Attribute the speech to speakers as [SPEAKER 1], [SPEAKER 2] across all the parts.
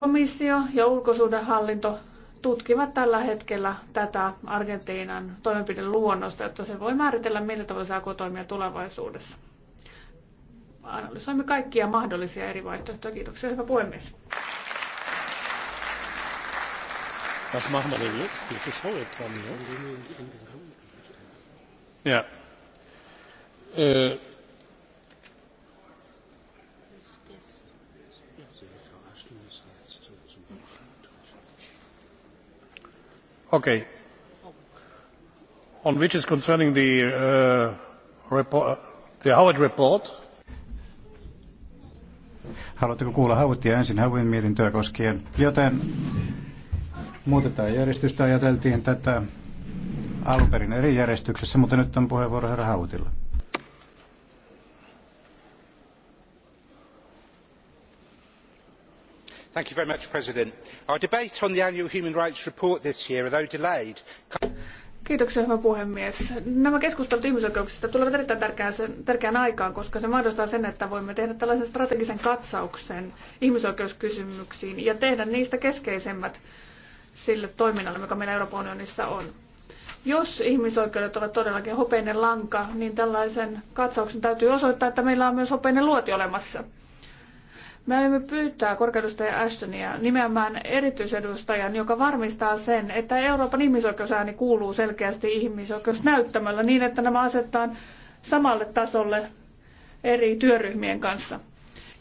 [SPEAKER 1] Komissio ja ulkosuhdehallinto tutkivat tällä hetkellä tätä Argentiinan toimenpideluonnosta, jotta se voi määritellä, millä tavalla se aikoo toimia tulevaisuudessa. Analysoimme kaikkia mahdollisia eri vaihtoehtoja. Kiitoksia, hyvä puhemies. Was machen wir jetzt? Die ist Ja.
[SPEAKER 2] Äh, On which is concerning the, uh, report, uh, Howard report. Haluatteko kuulla Howittia ensin Howin mietintöä koskien? Joten muutetaan järjestystä. Ajateltiin tätä alun perin eri järjestyksessä, mutta nyt on puheenvuoro herra Hautilla. mr president our debate on the annual human rights report this year although delayed.
[SPEAKER 1] hyvä puhemies nämä keskustelut ihmisoikeuksista tulevat erittäin tärkeään aikaan koska se mahdollistaa sen että voimme tehdä tällaisen strategisen katsauksen ihmisoikeuskysymyksiin ja tehdä niistä keskeisemmät sille toiminnalle joka meillä euroopan unionissa on. Jos ihmisoikeudet ovat todellakin hopeinen lanka, niin tällaisen katsauksen täytyy osoittaa, että meillä on myös hopeinen luoti olemassa. Me aiomme pyytää korkeudustaja Ashtonia nimeämään erityisedustajan, joka varmistaa sen, että Euroopan ihmisoikeusääni kuuluu selkeästi ihmisoikeusnäyttämällä niin, että nämä asetetaan samalle tasolle eri työryhmien kanssa.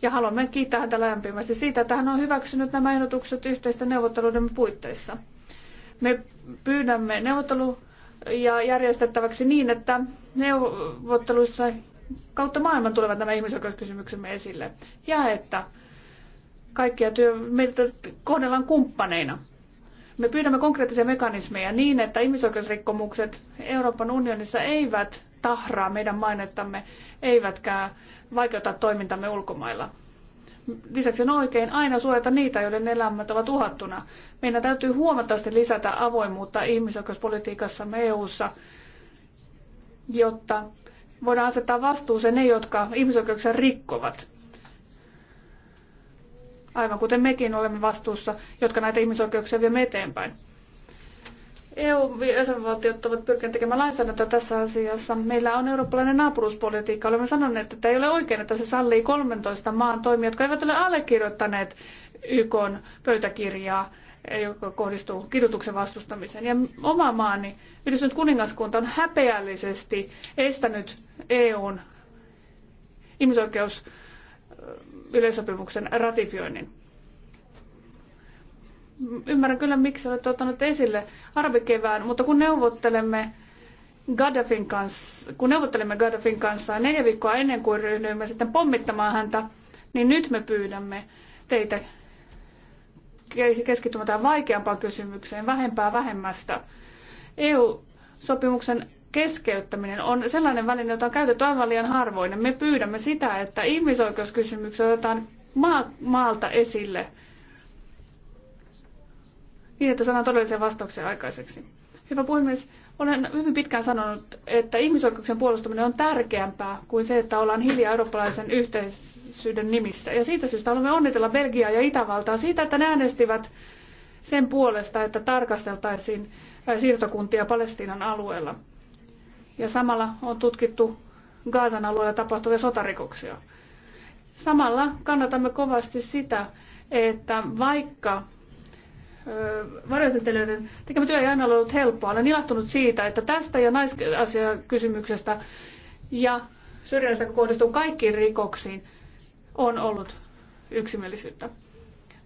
[SPEAKER 1] Ja haluamme kiittää häntä lämpimästi siitä, että hän on hyväksynyt nämä ehdotukset yhteisten neuvotteluiden puitteissa. Me pyydämme neuvottelu ja järjestettäväksi niin, että neuvotteluissa kautta maailman tulevat nämä ihmisoikeuskysymyksemme esille. Ja että kaikkia työ, meitä kohdellaan kumppaneina. Me pyydämme konkreettisia mekanismeja niin, että ihmisoikeusrikkomukset Euroopan unionissa eivät tahraa meidän mainettamme, eivätkä vaikeuta toimintamme ulkomailla. Lisäksi on oikein aina suojata niitä, joiden elämät ovat uhattuna. Meidän täytyy huomattavasti lisätä avoimuutta ihmisoikeuspolitiikassamme EU-ssa, jotta voidaan asettaa vastuuseen ne, jotka ihmisoikeuksia rikkovat. Aivan kuten mekin olemme vastuussa, jotka näitä ihmisoikeuksia viemme eteenpäin. EU-jäsenvaltiot ovat pyrkineet tekemään lainsäädäntöä tässä asiassa. Meillä on eurooppalainen naapuruuspolitiikka. Olemme sanoneet, että ei ole oikein, että se sallii 13 maan toimia, jotka eivät ole allekirjoittaneet YK pöytäkirjaa joka kohdistuu kidutuksen vastustamiseen. Ja oma maani, Yhdistynyt kuningaskunta, on häpeällisesti estänyt EUn ihmisoikeus yleisopimuksen ratifioinnin. Ymmärrän kyllä, miksi olette ottanut esille arvikevään, mutta kun neuvottelemme Gaddafin kanssa, kun neuvottelemme Gaddafin kanssa neljä viikkoa ennen kuin ryhdyimme sitten pommittamaan häntä, niin nyt me pyydämme teitä keskittymme tähän vaikeampaan kysymykseen, vähempää vähemmästä. EU-sopimuksen keskeyttäminen on sellainen väline, jota on käytetty aivan liian harvoin. Me pyydämme sitä, että ihmisoikeuskysymykset otetaan maa, maalta esille niin, että saadaan todellisia vastauksia aikaiseksi. Hyvä puhemies, olen hyvin pitkään sanonut, että ihmisoikeuksien puolustaminen on tärkeämpää kuin se, että ollaan hiljaa eurooppalaisen yhteisyyden nimissä. Ja siitä syystä haluamme onnitella Belgiaa ja Itävaltaa siitä, että ne äänestivät sen puolesta, että tarkasteltaisiin siirtokuntia Palestiinan alueella. Ja samalla on tutkittu Gaasan alueella tapahtuvia sotarikoksia. Samalla kannatamme kovasti sitä, että vaikka varjoesittelijöiden tekemä työ ei aina ollut helppoa. Olen ilahtunut siitä, että tästä ja naisasiakysymyksestä ja syrjinnästä kohdistuu kaikkiin rikoksiin on ollut yksimielisyyttä.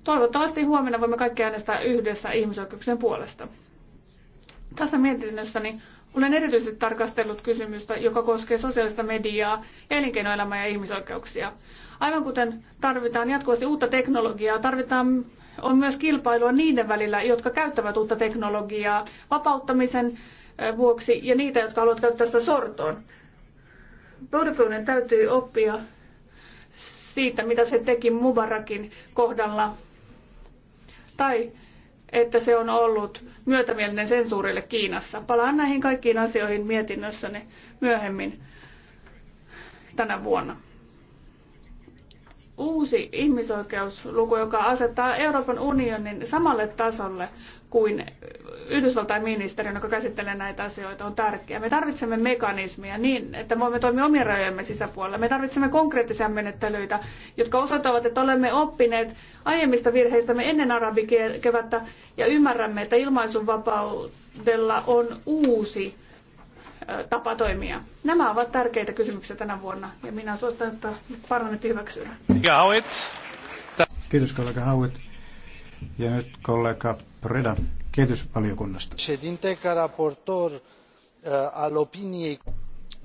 [SPEAKER 1] Toivottavasti huomenna voimme kaikki äänestää yhdessä ihmisoikeuksien puolesta. Tässä mietinnössäni olen erityisesti tarkastellut kysymystä, joka koskee sosiaalista mediaa, elinkeinoelämää ja ihmisoikeuksia. Aivan kuten tarvitaan jatkuvasti uutta teknologiaa, tarvitaan on myös kilpailua niiden välillä, jotka käyttävät uutta teknologiaa vapauttamisen vuoksi ja niitä, jotka haluavat käyttää sitä sortoon. Vodafonen täytyy oppia siitä, mitä se teki Mubarakin kohdalla. Tai että se on ollut myötämielinen sensuurille Kiinassa. Palaan näihin kaikkiin asioihin mietinnössäni myöhemmin tänä vuonna uusi ihmisoikeusluku, joka asettaa Euroopan unionin samalle tasolle kuin Yhdysvaltain ministeriön, joka käsittelee näitä asioita, on tärkeä. Me tarvitsemme mekanismia niin, että voimme toimia omien rajojemme sisäpuolella. Me tarvitsemme konkreettisia menettelyitä, jotka osoittavat, että olemme oppineet aiemmista virheistämme ennen arabikevättä ja ymmärrämme, että ilmaisunvapaudella on uusi tapa toimia? Nämä ovat tärkeitä kysymyksiä tänä vuonna ja minä suostan, että parlamentti hyväksyy.
[SPEAKER 2] Kiitos kollega Hauet. Ja nyt kollega Preda kehitysvaliokunnasta.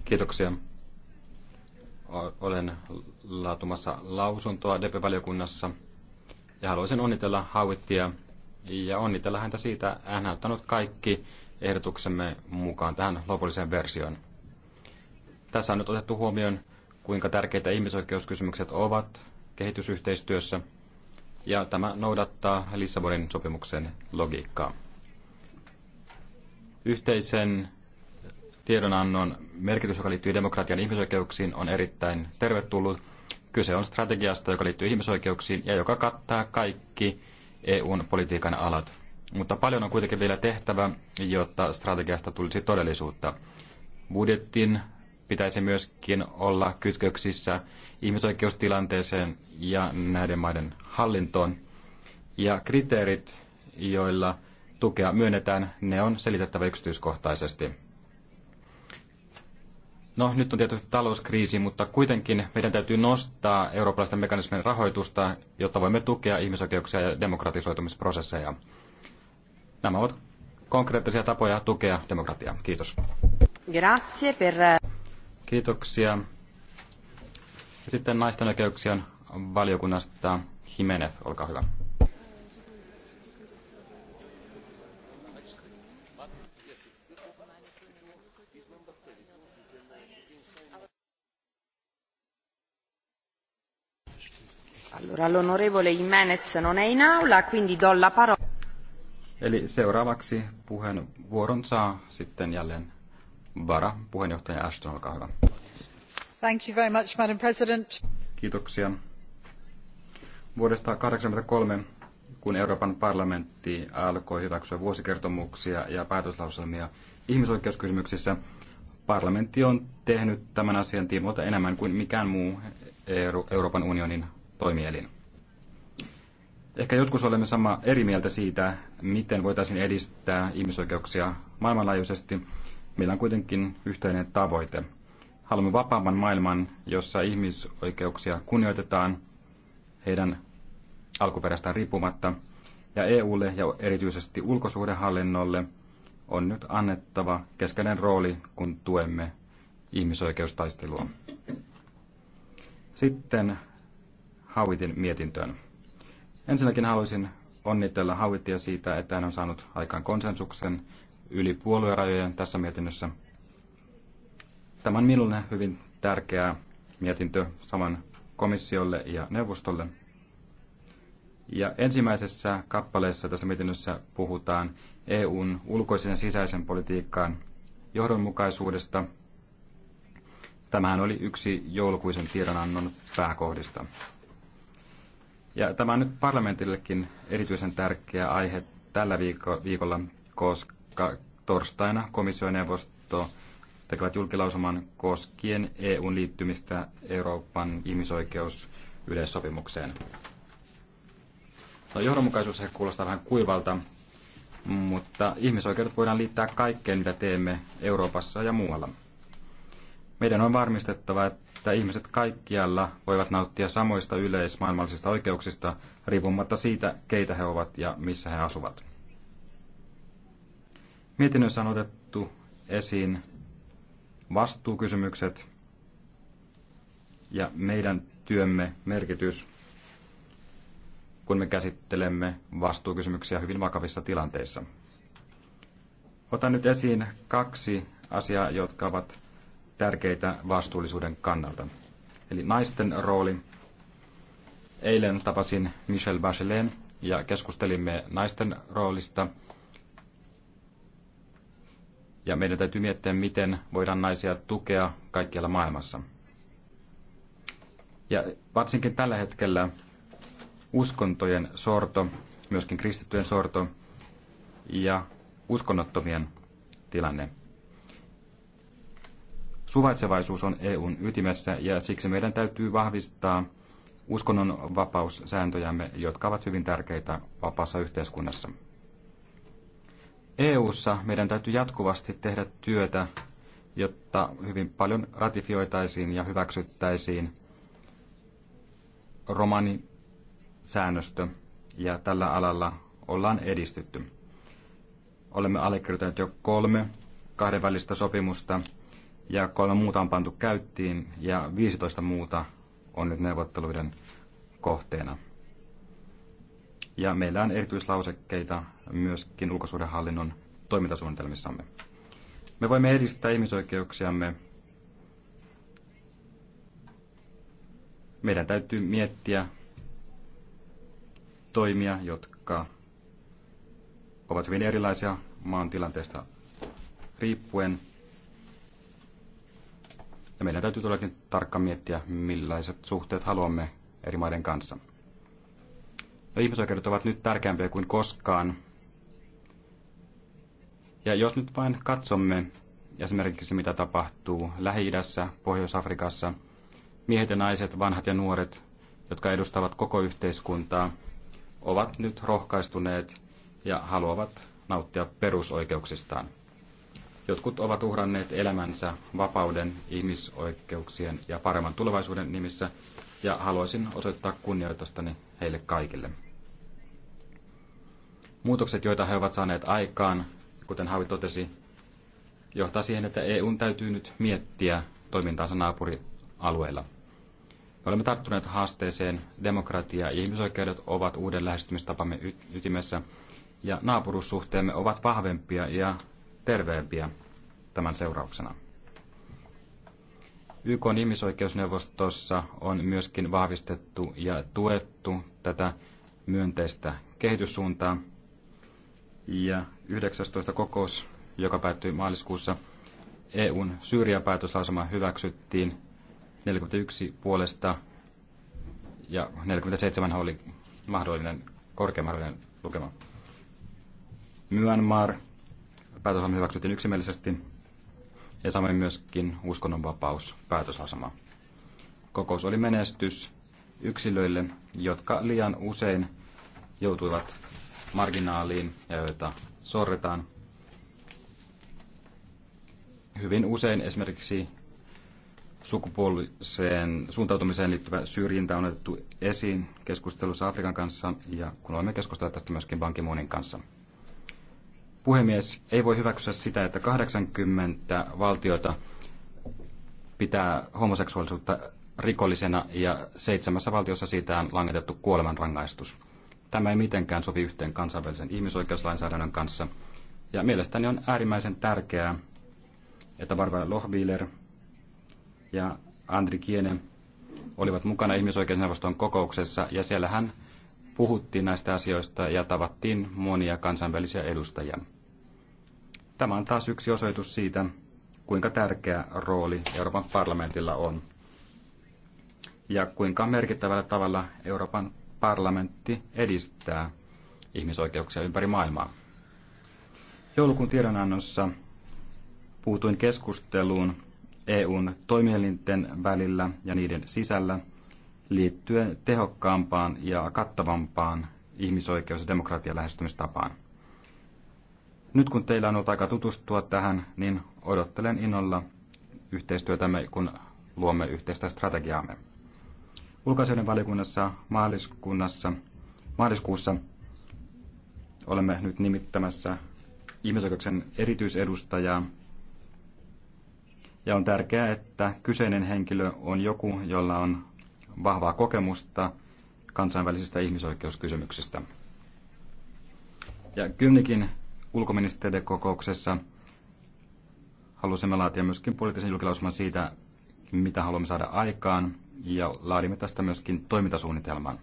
[SPEAKER 3] Kiitoksia. Olen laatumassa lausuntoa dp valiokunnassa ja haluaisin onnitella Hauittia ja onnitella häntä siitä, hän on ottanut kaikki ehdotuksemme mukaan tähän lopulliseen versioon. Tässä on nyt otettu huomioon, kuinka tärkeitä ihmisoikeuskysymykset ovat kehitysyhteistyössä, ja tämä noudattaa Lissabonin sopimuksen logiikkaa. Yhteisen tiedonannon merkitys, joka liittyy demokratian ihmisoikeuksiin, on erittäin tervetullut. Kyse on strategiasta, joka liittyy ihmisoikeuksiin ja joka kattaa kaikki EUn politiikan alat. Mutta paljon on kuitenkin vielä tehtävä, jotta strategiasta tulisi todellisuutta. Budjettin pitäisi myöskin olla kytköksissä ihmisoikeustilanteeseen ja näiden maiden hallintoon. Ja kriteerit, joilla tukea myönnetään, ne on selitettävä yksityiskohtaisesti. No, nyt on tietysti talouskriisi, mutta kuitenkin meidän täytyy nostaa eurooppalaisten mekanismin rahoitusta, jotta voimme tukea ihmisoikeuksia ja demokratisoitumisprosesseja. Nämä ovat konkreettisia tapoja tukea demokratiaa. Kiitos.
[SPEAKER 4] Grazie per...
[SPEAKER 3] Kiitoksia. Ja sitten naisten oikeuksien valiokunnasta Jimenez, olkaa hyvä.
[SPEAKER 4] Allora l'onorevole Jimenez non è in aula, quindi
[SPEAKER 5] do la parola.
[SPEAKER 3] Eli seuraavaksi puheenvuoron saa sitten jälleen vara. Puheenjohtaja Ashton, olkaa hyvä.
[SPEAKER 5] Thank you very much, Madam President.
[SPEAKER 3] Kiitoksia. Vuodesta 1983, kun Euroopan parlamentti alkoi hyväksyä vuosikertomuksia ja päätöslauselmia ihmisoikeuskysymyksissä, parlamentti on tehnyt tämän asian tiimoilta enemmän kuin mikään muu Euroopan unionin toimielin. Ehkä joskus olemme sama eri mieltä siitä, miten voitaisiin edistää ihmisoikeuksia maailmanlaajuisesti, meillä on kuitenkin yhteinen tavoite. Haluamme vapaamman maailman, jossa ihmisoikeuksia kunnioitetaan heidän alkuperästään riippumatta, ja EUlle ja erityisesti ulkosuhdehallinnolle on nyt annettava keskeinen rooli, kun tuemme ihmisoikeustaistelua. Sitten Hauitin mietintöön. Ensinnäkin haluaisin onnitella hauittia siitä, että hän on saanut aikaan konsensuksen yli puoluerajojen tässä mietinnössä. Tämä on minulle hyvin tärkeä mietintö saman komissiolle ja neuvostolle. Ja ensimmäisessä kappaleessa tässä mietinnössä puhutaan EUn ulkoisen ja sisäisen politiikkaan johdonmukaisuudesta. Tämähän oli yksi joulukuisen tiedonannon pääkohdista. Ja tämä on nyt parlamentillekin erityisen tärkeä aihe tällä viiko- viikolla, koska torstaina komissioneuvosto tekevät julkilausuman koskien EUn liittymistä Euroopan ihmisoikeusyleissopimukseen. No, johdonmukaisuus ehkä kuulostaa vähän kuivalta, mutta ihmisoikeudet voidaan liittää kaikkeen, mitä teemme Euroopassa ja muualla. Meidän on varmistettava, että ihmiset kaikkialla voivat nauttia samoista yleismaailmallisista oikeuksista riippumatta siitä, keitä he ovat ja missä he asuvat. Mietinnössä on otettu esiin vastuukysymykset ja meidän työmme merkitys, kun me käsittelemme vastuukysymyksiä hyvin vakavissa tilanteissa. Otan nyt esiin kaksi asiaa, jotka ovat tärkeitä vastuullisuuden kannalta. Eli naisten rooli. Eilen tapasin Michel Bachelet ja keskustelimme naisten roolista. Ja meidän täytyy miettiä, miten voidaan naisia tukea kaikkialla maailmassa. Ja varsinkin tällä hetkellä uskontojen sorto, myöskin kristittyjen sorto ja uskonnottomien tilanne Suvaitsevaisuus on EUn ytimessä ja siksi meidän täytyy vahvistaa uskonnonvapaussääntöjämme, jotka ovat hyvin tärkeitä vapaassa yhteiskunnassa. EU:ssa meidän täytyy jatkuvasti tehdä työtä, jotta hyvin paljon ratifioitaisiin ja hyväksyttäisiin romanisäännöstö, ja tällä alalla ollaan edistytty. Olemme allekirjoittaneet jo kolme kahdenvälistä sopimusta ja kolme muuta on pantu käyttiin ja 15 muuta on nyt neuvotteluiden kohteena. Ja meillä on erityislausekkeita myöskin ulkosuhdehallinnon toimintasuunnitelmissamme. Me voimme edistää ihmisoikeuksiamme. Meidän täytyy miettiä toimia, jotka ovat hyvin erilaisia maan tilanteesta riippuen – ja meillä täytyy todellakin tarkkaan miettiä, millaiset suhteet haluamme eri maiden kanssa. Ja ihmisoikeudet ovat nyt tärkeämpiä kuin koskaan. Ja jos nyt vain katsomme esimerkiksi mitä tapahtuu Lähi-idässä, Pohjois-Afrikassa, miehet ja naiset, vanhat ja nuoret, jotka edustavat koko yhteiskuntaa, ovat nyt rohkaistuneet ja haluavat nauttia perusoikeuksistaan. Jotkut ovat uhranneet elämänsä vapauden, ihmisoikeuksien ja paremman tulevaisuuden nimissä, ja haluaisin osoittaa kunnioitustani heille kaikille. Muutokset, joita he ovat saaneet aikaan, kuten Havi totesi, johtaa siihen, että EUn täytyy nyt miettiä toimintaansa naapurialueilla. Me olemme tarttuneet haasteeseen. Demokratia ja ihmisoikeudet ovat uuden lähestymistapamme ytimessä, ja naapuruussuhteemme ovat vahvempia ja terveempiä tämän seurauksena. YK on ihmisoikeusneuvostossa on myöskin vahvistettu ja tuettu tätä myönteistä kehityssuuntaa. Ja 19. kokous, joka päättyi maaliskuussa, EUn Syyria-päätöslausuma hyväksyttiin 41 puolesta ja 47 oli mahdollinen, korkeammahdollinen lukema. Myanmar päätösasema hyväksyttiin yksimielisesti ja samoin myöskin uskonnonvapaus päätösasema. Kokous oli menestys yksilöille, jotka liian usein joutuivat marginaaliin ja joita sorretaan. Hyvin usein esimerkiksi sukupuoliseen suuntautumiseen liittyvä syrjintä on otettu esiin keskustelussa Afrikan kanssa ja kun olemme keskustelleet tästä myöskin bankimuunin kanssa. Puhemies ei voi hyväksyä sitä, että 80 valtiota pitää homoseksuaalisuutta rikollisena ja seitsemässä valtiossa siitä on langetettu kuolemanrangaistus. Tämä ei mitenkään sovi yhteen kansainvälisen ihmisoikeuslainsäädännön kanssa. Ja mielestäni on äärimmäisen tärkeää, että Barbara Lohbiler ja Andri Kiene olivat mukana ihmisoikeusneuvoston kokouksessa ja siellä hän puhuttiin näistä asioista ja tavattiin monia kansainvälisiä edustajia. Tämä on taas yksi osoitus siitä, kuinka tärkeä rooli Euroopan parlamentilla on ja kuinka merkittävällä tavalla Euroopan parlamentti edistää ihmisoikeuksia ympäri maailmaa. Joulukuun tiedonannossa puutuin keskusteluun EUn toimielinten välillä ja niiden sisällä liittyen tehokkaampaan ja kattavampaan ihmisoikeus- ja demokratialähestymistapaan. Nyt kun teillä on ollut aika tutustua tähän, niin odottelen innolla yhteistyötämme, kun luomme yhteistä strategiaamme. Ulkoasioiden valiokunnassa maaliskunnassa, maaliskuussa olemme nyt nimittämässä ihmisoikeuksien erityisedustajaa. Ja on tärkeää, että kyseinen henkilö on joku, jolla on vahvaa kokemusta kansainvälisistä ihmisoikeuskysymyksistä. Ja Kymnikin ulkoministeriön kokouksessa halusimme laatia myöskin poliittisen julkilausuman siitä, mitä haluamme saada aikaan, ja laadimme tästä myöskin toimintasuunnitelman.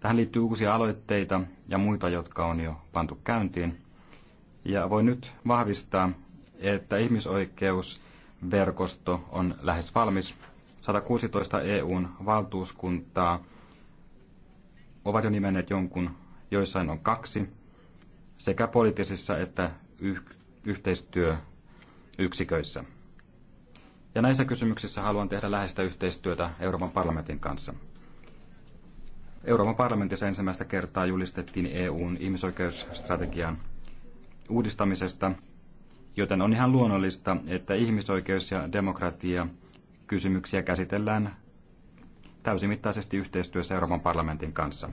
[SPEAKER 3] Tähän liittyy uusia aloitteita ja muita, jotka on jo pantu käyntiin. Ja voi nyt vahvistaa, että ihmisoikeusverkosto on lähes valmis. 116 EUn valtuuskuntaa ovat jo nimenneet jonkun, joissain on kaksi sekä poliittisissa että yh- yhteistyöyksiköissä. Ja näissä kysymyksissä haluan tehdä läheistä yhteistyötä Euroopan parlamentin kanssa. Euroopan parlamentissa ensimmäistä kertaa julistettiin EUn ihmisoikeusstrategian uudistamisesta, joten on ihan luonnollista, että ihmisoikeus- ja demokratia kysymyksiä käsitellään täysimittaisesti yhteistyössä Euroopan parlamentin kanssa.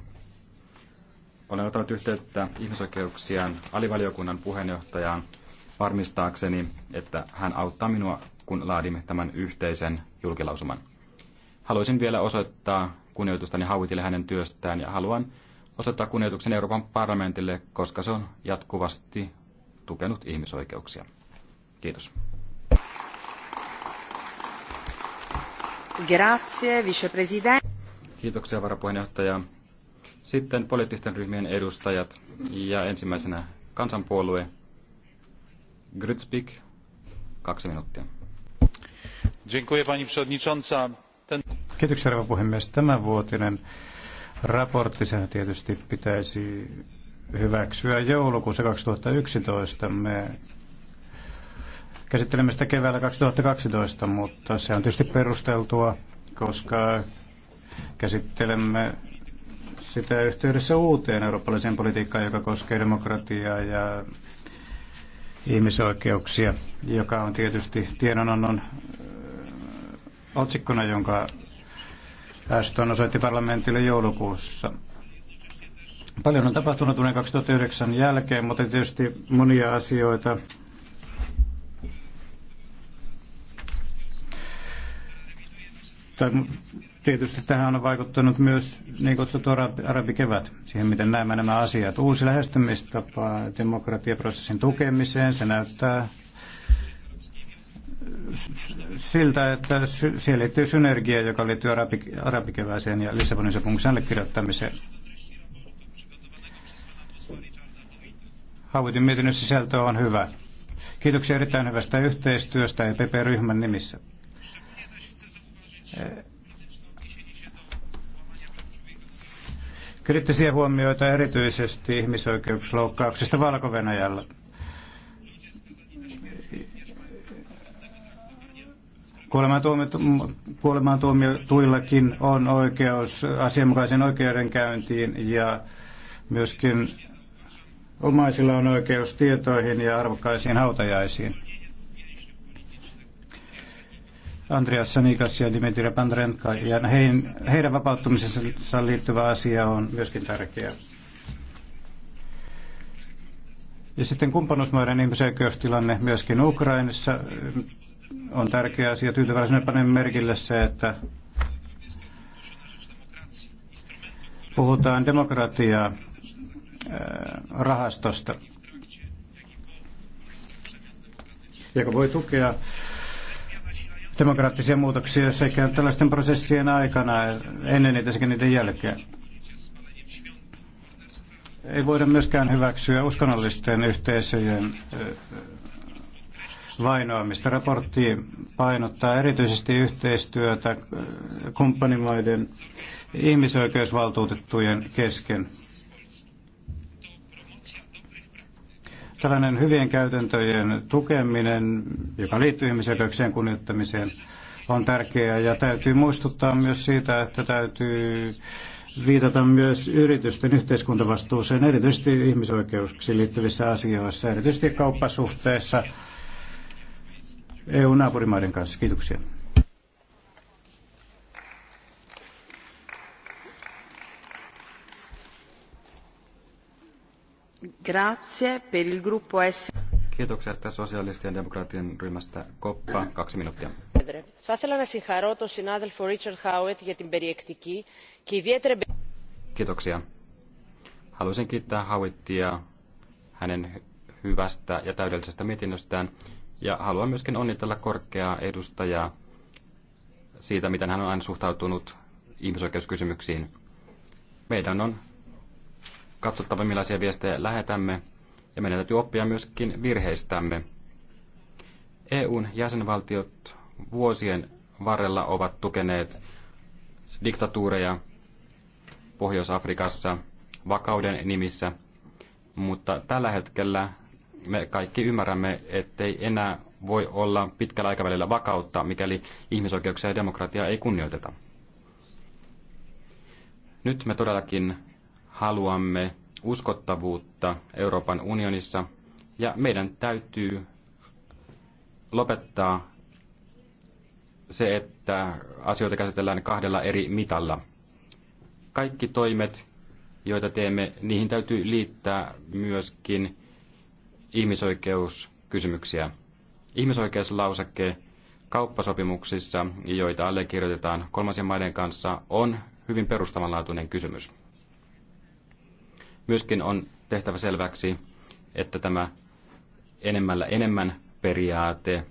[SPEAKER 3] Olen ottanut yhteyttä ihmisoikeuksien alivaliokunnan puheenjohtajaan varmistaakseni, että hän auttaa minua, kun laadimme tämän yhteisen julkilausuman. Haluaisin vielä osoittaa kunnioitustani Hauitille hänen työstään ja haluan osoittaa kunnioituksen Euroopan parlamentille, koska se on jatkuvasti tukenut ihmisoikeuksia. Kiitos.
[SPEAKER 4] Grazie, vicepresidente.
[SPEAKER 3] Kiitoksia varapuheenjohtaja sitten poliittisten ryhmien edustajat ja ensimmäisenä kansanpuolue Grytspik, kaksi minuuttia. Dziękuję pani przewodnicząca.
[SPEAKER 2] Ten... Kiitoksia, rouva puhemies. Tämänvuotinen raportti, sen tietysti pitäisi hyväksyä joulukuussa 2011. Me käsittelemme sitä keväällä 2012, mutta se on tietysti perusteltua, koska käsittelemme sitä yhteydessä uuteen eurooppalaiseen politiikkaan, joka koskee demokratiaa ja ihmisoikeuksia, joka on tietysti tiedonannon otsikkona, jonka Aston osoitti parlamentille joulukuussa. Paljon on tapahtunut vuoden 2009 jälkeen, mutta tietysti monia asioita tai Tietysti tähän on vaikuttanut myös niin kutsuttu arabikevät, siihen miten näemme nämä asiat. Uusi lähestymistapa demokratiaprosessin tukemiseen, se näyttää siltä, että siellä siihen liittyy synergia, joka liittyy arabikevääseen ja Lissabonin sopimuksen allekirjoittamiseen. Hauitin mietinnön sisältö on hyvä. Kiitoksia erittäin hyvästä yhteistyöstä EPP-ryhmän nimissä. Kriittisiä huomioita erityisesti ihmisoikeusloukkauksista Valko-Venäjällä. Kuolemaan tuillakin on oikeus asianmukaiseen oikeudenkäyntiin ja myöskin omaisilla on oikeus tietoihin ja arvokkaisiin hautajaisiin. Andreas Sanikas ja Dimitri Pandrenka. Ja heidän vapauttamisensa liittyvä asia on myöskin tärkeä. Ja sitten kumppanuusmaiden ihmisoikeustilanne myöskin Ukrainassa on tärkeä asia. Tyytyväisenä panen merkille se, että puhutaan demokratiaa rahastosta, joka voi tukea demokraattisia muutoksia sekä tällaisten prosessien aikana, ennen niitä sekä niiden jälkeen. Ei voida myöskään hyväksyä uskonnollisten yhteisöjen vainoamista. Raportti painottaa erityisesti yhteistyötä kumppanimaiden ihmisoikeusvaltuutettujen kesken. Sellainen hyvien käytäntöjen tukeminen, joka liittyy ihmisoikeuksien kunnioittamiseen, on tärkeää ja täytyy muistuttaa myös siitä, että täytyy viitata myös yritysten yhteiskuntavastuuseen, erityisesti ihmisoikeuksiin liittyvissä asioissa, erityisesti kauppasuhteessa EU-naapurimaiden kanssa. Kiitoksia.
[SPEAKER 4] Grazie per il
[SPEAKER 3] Kiitoksia tästä sosialistien demokraattien ryhmästä. Koppa, kaksi minuuttia.
[SPEAKER 4] Θα ήθελα να συγχαρώ τον συνάδελφο Ρίτσαρντ Χάουετ
[SPEAKER 3] Kiitoksia. Haluaisin kiittää Howittia hänen hyvästä ja täydellisestä mietinnöstään ja haluan myöskin onnitella korkeaa edustajaa siitä, miten hän on aina suhtautunut ihmisoikeuskysymyksiin. Meidän on katsottava, millaisia viestejä lähetämme, ja meidän täytyy oppia myöskin virheistämme. EUn jäsenvaltiot vuosien varrella ovat tukeneet diktatuureja Pohjois-Afrikassa vakauden nimissä, mutta tällä hetkellä me kaikki ymmärrämme, ettei enää voi olla pitkällä aikavälillä vakautta, mikäli ihmisoikeuksia ja demokratiaa ei kunnioiteta. Nyt me todellakin haluamme uskottavuutta Euroopan unionissa ja meidän täytyy lopettaa se, että asioita käsitellään kahdella eri mitalla. Kaikki toimet, joita teemme, niihin täytyy liittää myöskin ihmisoikeuskysymyksiä. Ihmisoikeuslauseke kauppasopimuksissa, joita allekirjoitetaan kolmansien maiden kanssa, on hyvin perustavanlaatuinen kysymys. Myöskin on tehtävä selväksi, että tämä enemmällä enemmän periaate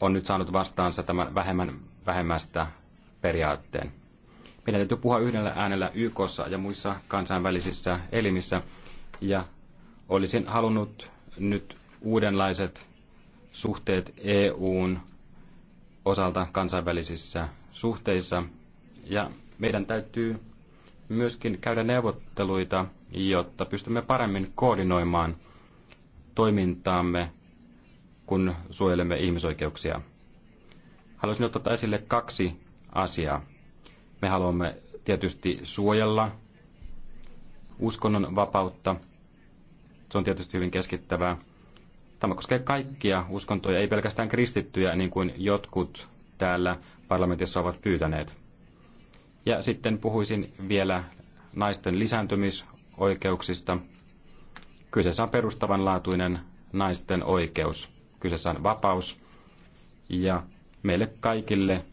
[SPEAKER 3] on nyt saanut vastaansa tämän vähemmän vähemmästä periaatteen. Meidän täytyy puhua yhdellä äänellä YKssa ja muissa kansainvälisissä elimissä. Ja olisin halunnut nyt uudenlaiset suhteet EUn osalta kansainvälisissä suhteissa. Ja meidän täytyy myöskin käydä neuvotteluita, jotta pystymme paremmin koordinoimaan toimintaamme, kun suojelemme ihmisoikeuksia. Haluaisin ottaa esille kaksi asiaa. Me haluamme tietysti suojella uskonnon vapautta. Se on tietysti hyvin keskittävää. Tämä koskee kaikkia uskontoja, ei pelkästään kristittyjä, niin kuin jotkut täällä parlamentissa ovat pyytäneet. Ja sitten puhuisin vielä naisten lisääntymisoikeuksista. Kyseessä on perustavanlaatuinen naisten oikeus. Kyseessä on vapaus. Ja meille kaikille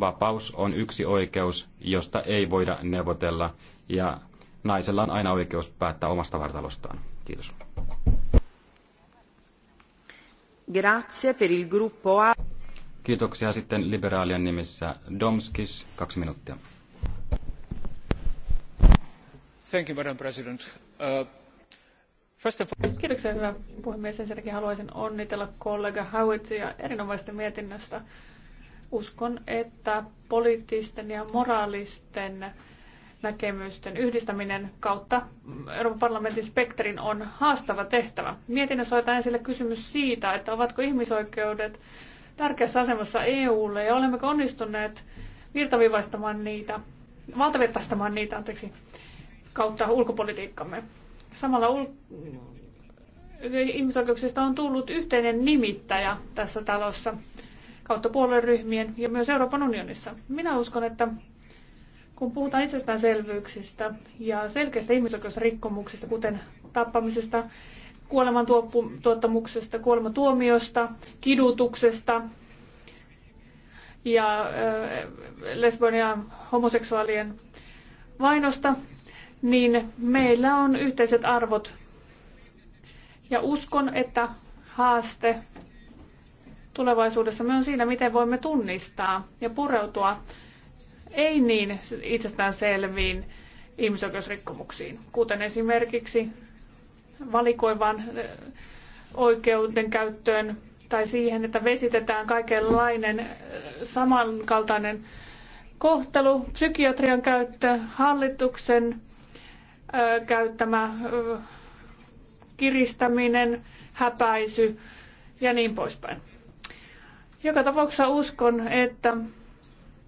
[SPEAKER 3] vapaus on yksi oikeus, josta ei voida neuvotella. Ja naisella on aina oikeus päättää omasta vartalostaan. Kiitos.
[SPEAKER 4] Grazie per il gruppo A.
[SPEAKER 3] Kiitoksia sitten liberaalien nimissä Domskis, kaksi minuuttia arvoisa
[SPEAKER 1] uh, hyvä puhemies. Ensinnäkin haluaisin onnitella kollega howittia erinomaisesta mietinnöstä. Uskon, että poliittisten ja moraalisten näkemysten yhdistäminen kautta Euroopan parlamentin spektrin on haastava tehtävä. Mietinnössä otetaan esille kysymys siitä, että ovatko ihmisoikeudet tärkeässä asemassa EUlle ja olemmeko onnistuneet virtaviivaistamaan niitä, valtavirtaistamaan niitä, anteeksi, kautta ulkopolitiikkamme. Samalla ul- ihmisoikeuksista on tullut yhteinen nimittäjä tässä talossa kautta puolueryhmien ja myös Euroopan unionissa. Minä uskon, että kun puhutaan itsestäänselvyyksistä ja selkeistä ihmisoikeusrikkomuksista, kuten tappamisesta, kuolemantuottamuksesta, kuolematuomiosta, kidutuksesta ja lesbonia ja homoseksuaalien vainosta, niin meillä on yhteiset arvot. Ja uskon, että haaste tulevaisuudessa myös siinä, miten voimme tunnistaa ja pureutua ei niin itsestään selviin ihmisoikeusrikkomuksiin, kuten esimerkiksi oikeuden oikeudenkäyttöön tai siihen, että vesitetään kaikenlainen samankaltainen kohtelu, psykiatrian käyttö, hallituksen käyttämä kiristäminen, häpäisy ja niin poispäin. Joka tapauksessa uskon, että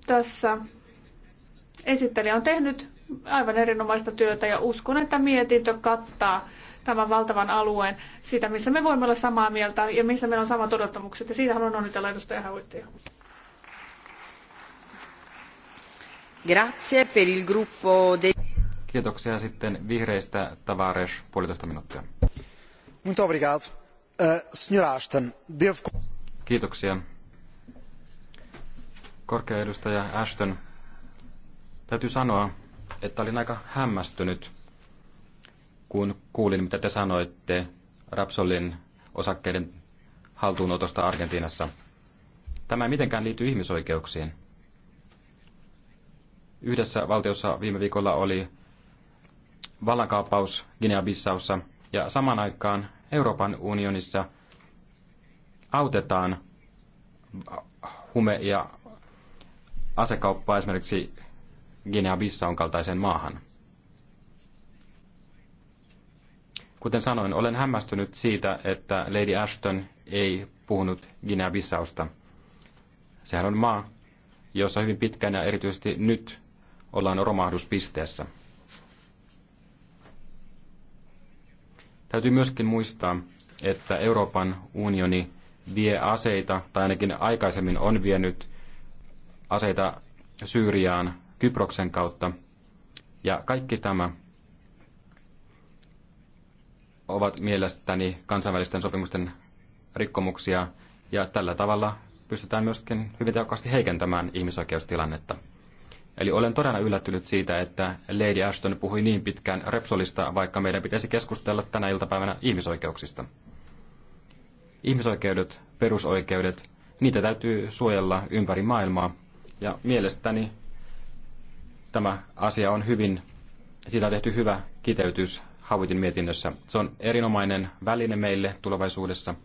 [SPEAKER 1] tässä esittelijä on tehnyt aivan erinomaista työtä ja uskon, että mietintö kattaa tämän valtavan alueen siitä, missä me voimme olla samaa mieltä ja missä meillä on samat odottamukset. Ja siitä haluan onnitella edustaja Hauittia.
[SPEAKER 4] Grazie per il gruppo dei... Kiitoksia
[SPEAKER 3] sitten vihreistä Tavares, puolitoista minuuttia.
[SPEAKER 4] Muito obrigado. Uh,
[SPEAKER 3] Ashton, devo... Kiitoksia. Korkea edustaja Ashton, täytyy sanoa, että olin aika hämmästynyt, kun kuulin, mitä te sanoitte Rapsolin osakkeiden haltuunotosta Argentiinassa. Tämä ei mitenkään liity ihmisoikeuksiin. Yhdessä valtiossa viime viikolla oli vallankaappaus Guinea-Bissaussa ja samaan aikaan Euroopan unionissa autetaan hume- ja asekauppaa esimerkiksi Guinea-Bissaun kaltaiseen maahan. Kuten sanoin, olen hämmästynyt siitä, että Lady Ashton ei puhunut Guinea-Bissausta. Sehän on maa, jossa hyvin pitkään ja erityisesti nyt ollaan romahduspisteessä. Täytyy myöskin muistaa, että Euroopan unioni vie aseita, tai ainakin aikaisemmin on vienyt aseita Syyriaan Kyproksen kautta. Ja kaikki tämä ovat mielestäni kansainvälisten sopimusten rikkomuksia, ja tällä tavalla pystytään myöskin hyvin tehokkaasti heikentämään ihmisoikeustilannetta. Eli olen todella yllättynyt siitä, että Lady Ashton puhui niin pitkään Repsolista, vaikka meidän pitäisi keskustella tänä iltapäivänä ihmisoikeuksista. Ihmisoikeudet, perusoikeudet, niitä täytyy suojella ympäri maailmaa. Ja mielestäni tämä asia on hyvin, siitä on tehty hyvä kiteytys Havitin mietinnössä. Se on erinomainen väline meille tulevaisuudessa –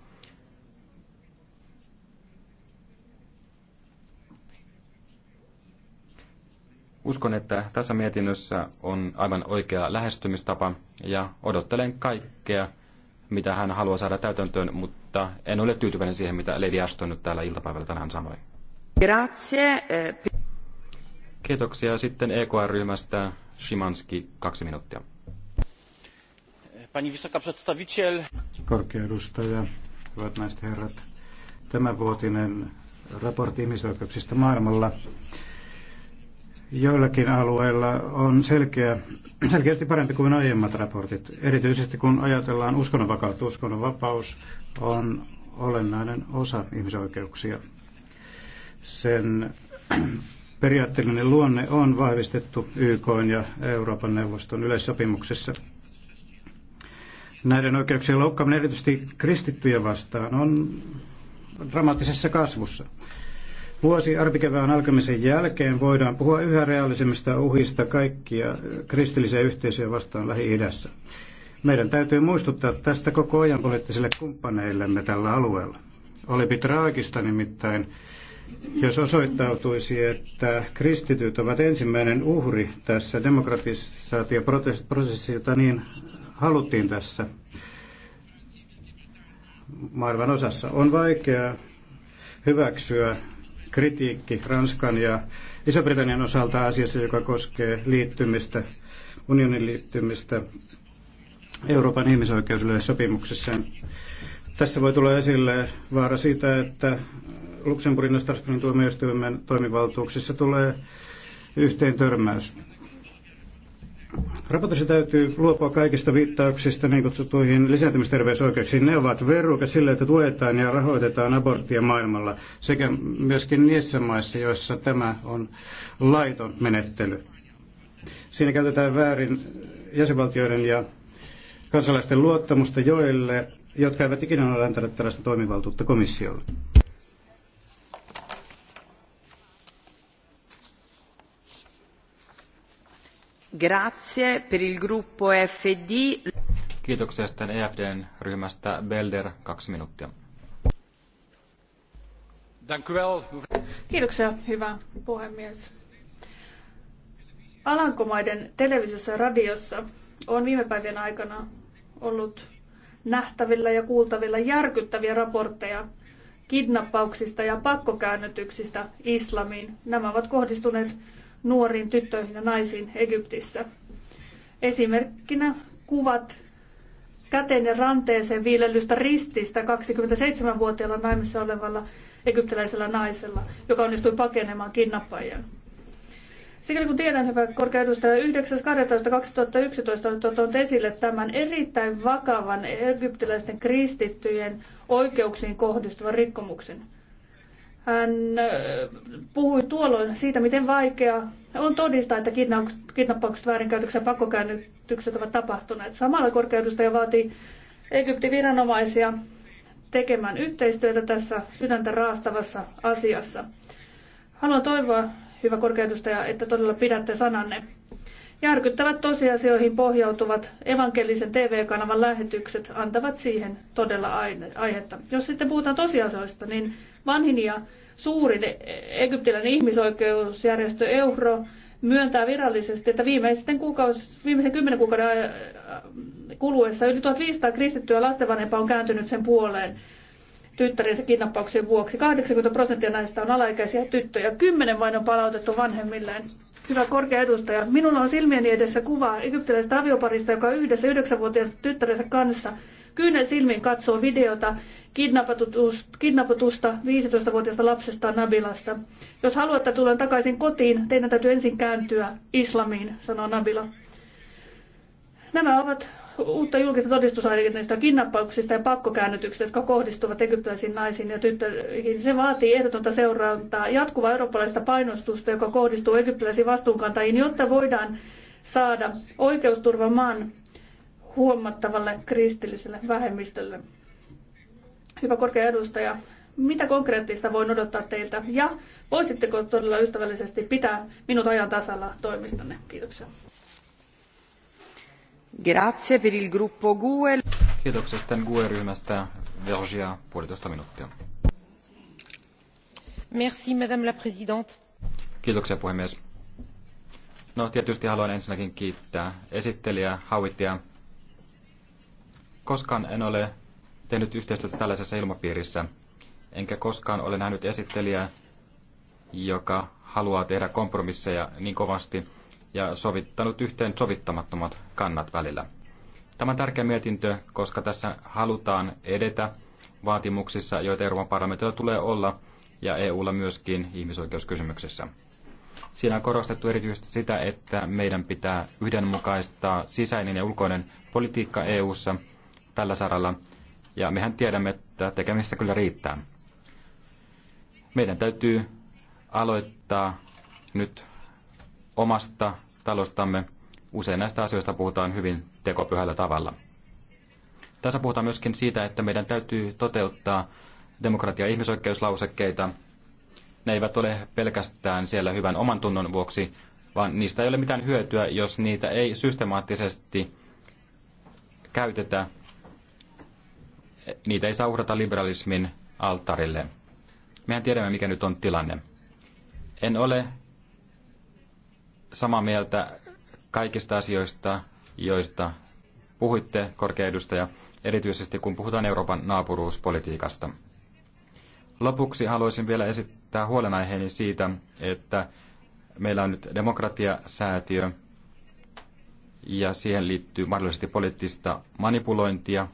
[SPEAKER 3] Uskon, että tässä mietinnössä on aivan oikea lähestymistapa ja odottelen kaikkea, mitä hän haluaa saada täytäntöön, mutta en ole tyytyväinen siihen, mitä Lady Ashton nyt täällä iltapäivällä tänään sanoi.
[SPEAKER 4] Grazie. Eh,
[SPEAKER 3] Kiitoksia sitten EKR-ryhmästä. Szymanski, kaksi minuuttia.
[SPEAKER 2] Pani wysoka przedstawiciel. Korkea edustaja, hyvät naiset herrat. Tämänvuotinen raportti ihmisoikeuksista maailmalla joillakin alueilla on selkeä, selkeästi parempi kuin aiemmat raportit. Erityisesti kun ajatellaan uskonnonvakautta, uskonnonvapaus on olennainen osa ihmisoikeuksia. Sen periaatteellinen luonne on vahvistettu YK ja Euroopan neuvoston yleissopimuksessa. Näiden oikeuksien loukkaaminen erityisesti kristittyjä vastaan on dramaattisessa kasvussa. Vuosi arpikevään alkamisen jälkeen voidaan puhua yhä reaalisemmista uhista kaikkia kristillisiä yhteisöjä vastaan Lähi-idässä. Meidän täytyy muistuttaa tästä koko ajan poliittisille kumppaneillemme tällä alueella. Olipi traagista nimittäin, jos osoittautuisi, että kristityt ovat ensimmäinen uhri tässä demokratisaatioprosessissa, jota niin haluttiin tässä maailman osassa. On vaikea hyväksyä kritiikki Ranskan ja Iso-Britannian osalta asiassa, joka koskee liittymistä, unionin liittymistä Euroopan ihmisoikeusyleissopimuksessa. Tässä voi tulla esille vaara siitä, että Luxemburgin ja Strasbourgin tuomioistuimen toimivaltuuksissa tulee yhteen törmäys. Raportissa täytyy luopua kaikista viittauksista niin kutsuttuihin lisääntymisterveysoikeuksiin. Ne ovat verruke sille, että tuetaan ja rahoitetaan aborttia maailmalla sekä myöskin niissä maissa, joissa tämä on laiton menettely. Siinä käytetään väärin jäsenvaltioiden ja kansalaisten luottamusta, joille, jotka eivät ikinä ole antaneet tällaista toimivaltuutta komissiolle.
[SPEAKER 4] Grazie per il gruppo FD.
[SPEAKER 3] Kiitoksia sitten EFDn ryhmästä Belder, kaksi minuuttia.
[SPEAKER 1] Kiitoksia, hyvä puhemies. Alankomaiden televisiossa ja radiossa on viime päivien aikana ollut nähtävillä ja kuultavilla järkyttäviä raportteja kidnappauksista ja pakkokäännytyksistä islamiin. Nämä ovat kohdistuneet nuoriin tyttöihin ja naisiin Egyptissä. Esimerkkinä kuvat käteen ja ranteeseen viilellystä rististä 27-vuotiaalla naimissa olevalla egyptiläisellä naisella, joka onnistui pakenemaan kidnappajien. Sikäli kun tiedän, hyvä korkea edustaja, 9.12.2011 on tuonut esille tämän erittäin vakavan egyptiläisten kristittyjen oikeuksiin kohdistuvan rikkomuksen. Hän puhui tuolloin siitä, miten vaikea on todistaa, että kidnappaukset, väärinkäytökset ja pakkokäännytykset ovat tapahtuneet. Samalla korkeudustaja vaatii Egyptin viranomaisia tekemään yhteistyötä tässä sydäntä raastavassa asiassa. Haluan toivoa, hyvä korkeudustaja, että todella pidätte sananne. Järkyttävät tosiasioihin pohjautuvat evankelisen TV-kanavan lähetykset antavat siihen todella aihetta. Jos sitten puhutaan tosiasioista, niin vanhin ja suurin e- egyptiläinen ihmisoikeusjärjestö Euro myöntää virallisesti, että viimeisten, kuukaus, viimeisen kymmenen kuukauden äh, kuluessa yli 1500 kristittyä lastenvanhempaa on kääntynyt sen puoleen tyttäriensä kidnappauksien vuoksi. 80 prosenttia näistä on alaikäisiä tyttöjä. Kymmenen vain on palautettu vanhemmilleen. Hyvä korkea edustaja, minulla on silmieni edessä kuva egyptiläisestä avioparista, joka yhdessä yhdeksänvuotiaan tyttärensä kanssa kyynel silmin katsoo videota kidnapatusta 15-vuotiaasta lapsesta Nabilasta. Jos haluatte tulla takaisin kotiin, teidän täytyy ensin kääntyä islamiin, sanoo Nabila. Nämä ovat uutta julkista todistusaineistoa kidnappauksista ja pakkokäännytyksistä, jotka kohdistuvat egyptiläisiin naisiin ja tyttöihin. Se vaatii ehdotonta seurantaa, jatkuvaa eurooppalaista painostusta, joka kohdistuu egyptiläisiin vastuunkantajiin, jotta voidaan saada oikeusturva maan huomattavalle kristilliselle vähemmistölle. Hyvä korkea edustaja, mitä konkreettista voin odottaa teiltä ja voisitteko todella ystävällisesti pitää minut ajan tasalla toimistanne? Kiitoksia.
[SPEAKER 5] Grazie per il gruppo GUE.
[SPEAKER 3] Kiitoksia sitten GUE-ryhmästä. Vergia, puolitoista minuuttia.
[SPEAKER 5] Merci, madame la présidente.
[SPEAKER 3] Kiitoksia, puhemies. No, tietysti haluan ensinnäkin kiittää esittelijää, Hauitia. Koskaan en ole tehnyt yhteistyötä tällaisessa ilmapiirissä, enkä koskaan ole nähnyt esittelijää, joka haluaa tehdä kompromisseja niin kovasti, ja sovittanut yhteen sovittamattomat kannat välillä. Tämä on tärkeä mietintö, koska tässä halutaan edetä vaatimuksissa, joita Euroopan parlamentilla tulee olla, ja EUlla myöskin ihmisoikeuskysymyksessä. Siinä on korostettu erityisesti sitä, että meidän pitää yhdenmukaistaa sisäinen ja ulkoinen politiikka EUssa tällä saralla, ja mehän tiedämme, että tekemistä kyllä riittää. Meidän täytyy aloittaa nyt omasta talostamme. Usein näistä asioista puhutaan hyvin tekopyhällä tavalla. Tässä puhutaan myöskin siitä, että meidän täytyy toteuttaa demokratia- ja ihmisoikeuslausekkeita. Ne eivät ole pelkästään siellä hyvän oman tunnon vuoksi, vaan niistä ei ole mitään hyötyä, jos niitä ei systemaattisesti käytetä. Niitä ei saa uhrata liberalismin alttarille. Mehän tiedämme, mikä nyt on tilanne. En ole samaa mieltä kaikista asioista, joista puhuitte, korkea edustaja, erityisesti kun puhutaan Euroopan naapuruuspolitiikasta. Lopuksi haluaisin vielä esittää huolenaiheeni siitä, että meillä on nyt demokratiasäätiö ja siihen liittyy mahdollisesti poliittista manipulointia.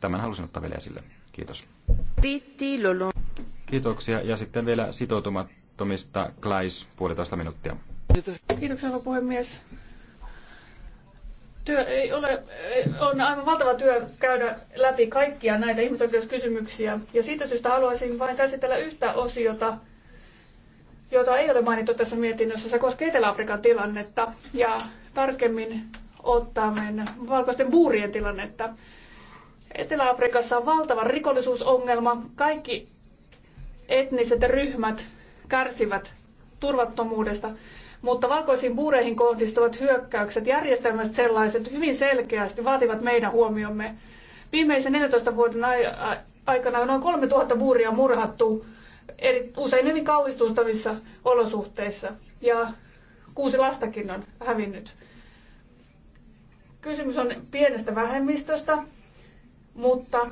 [SPEAKER 3] Tämän halusin ottaa vielä esille. Kiitos. Kiitoksia. Ja sitten vielä sitoutumattomista Klais puolitoista minuuttia.
[SPEAKER 1] Kiitoksia, hyvä puhemies. Työ ei ole, on aivan valtava työ käydä läpi kaikkia näitä ihmisoikeuskysymyksiä. Ja siitä syystä haluaisin vain käsitellä yhtä osiota, jota ei ole mainittu tässä mietinnössä. Se koskee Etelä-Afrikan tilannetta ja tarkemmin ottaen valkoisten buurien tilannetta. Etelä-Afrikassa on valtava rikollisuusongelma. Kaikki etniset ryhmät kärsivät turvattomuudesta mutta valkoisiin buureihin kohdistuvat hyökkäykset, järjestelmät sellaiset hyvin selkeästi vaativat meidän huomiomme. Viimeisen 14 vuoden aikana noin 3000 buuria murhattu eri, usein hyvin kauhistuttavissa olosuhteissa ja kuusi lastakin on hävinnyt. Kysymys on pienestä vähemmistöstä, mutta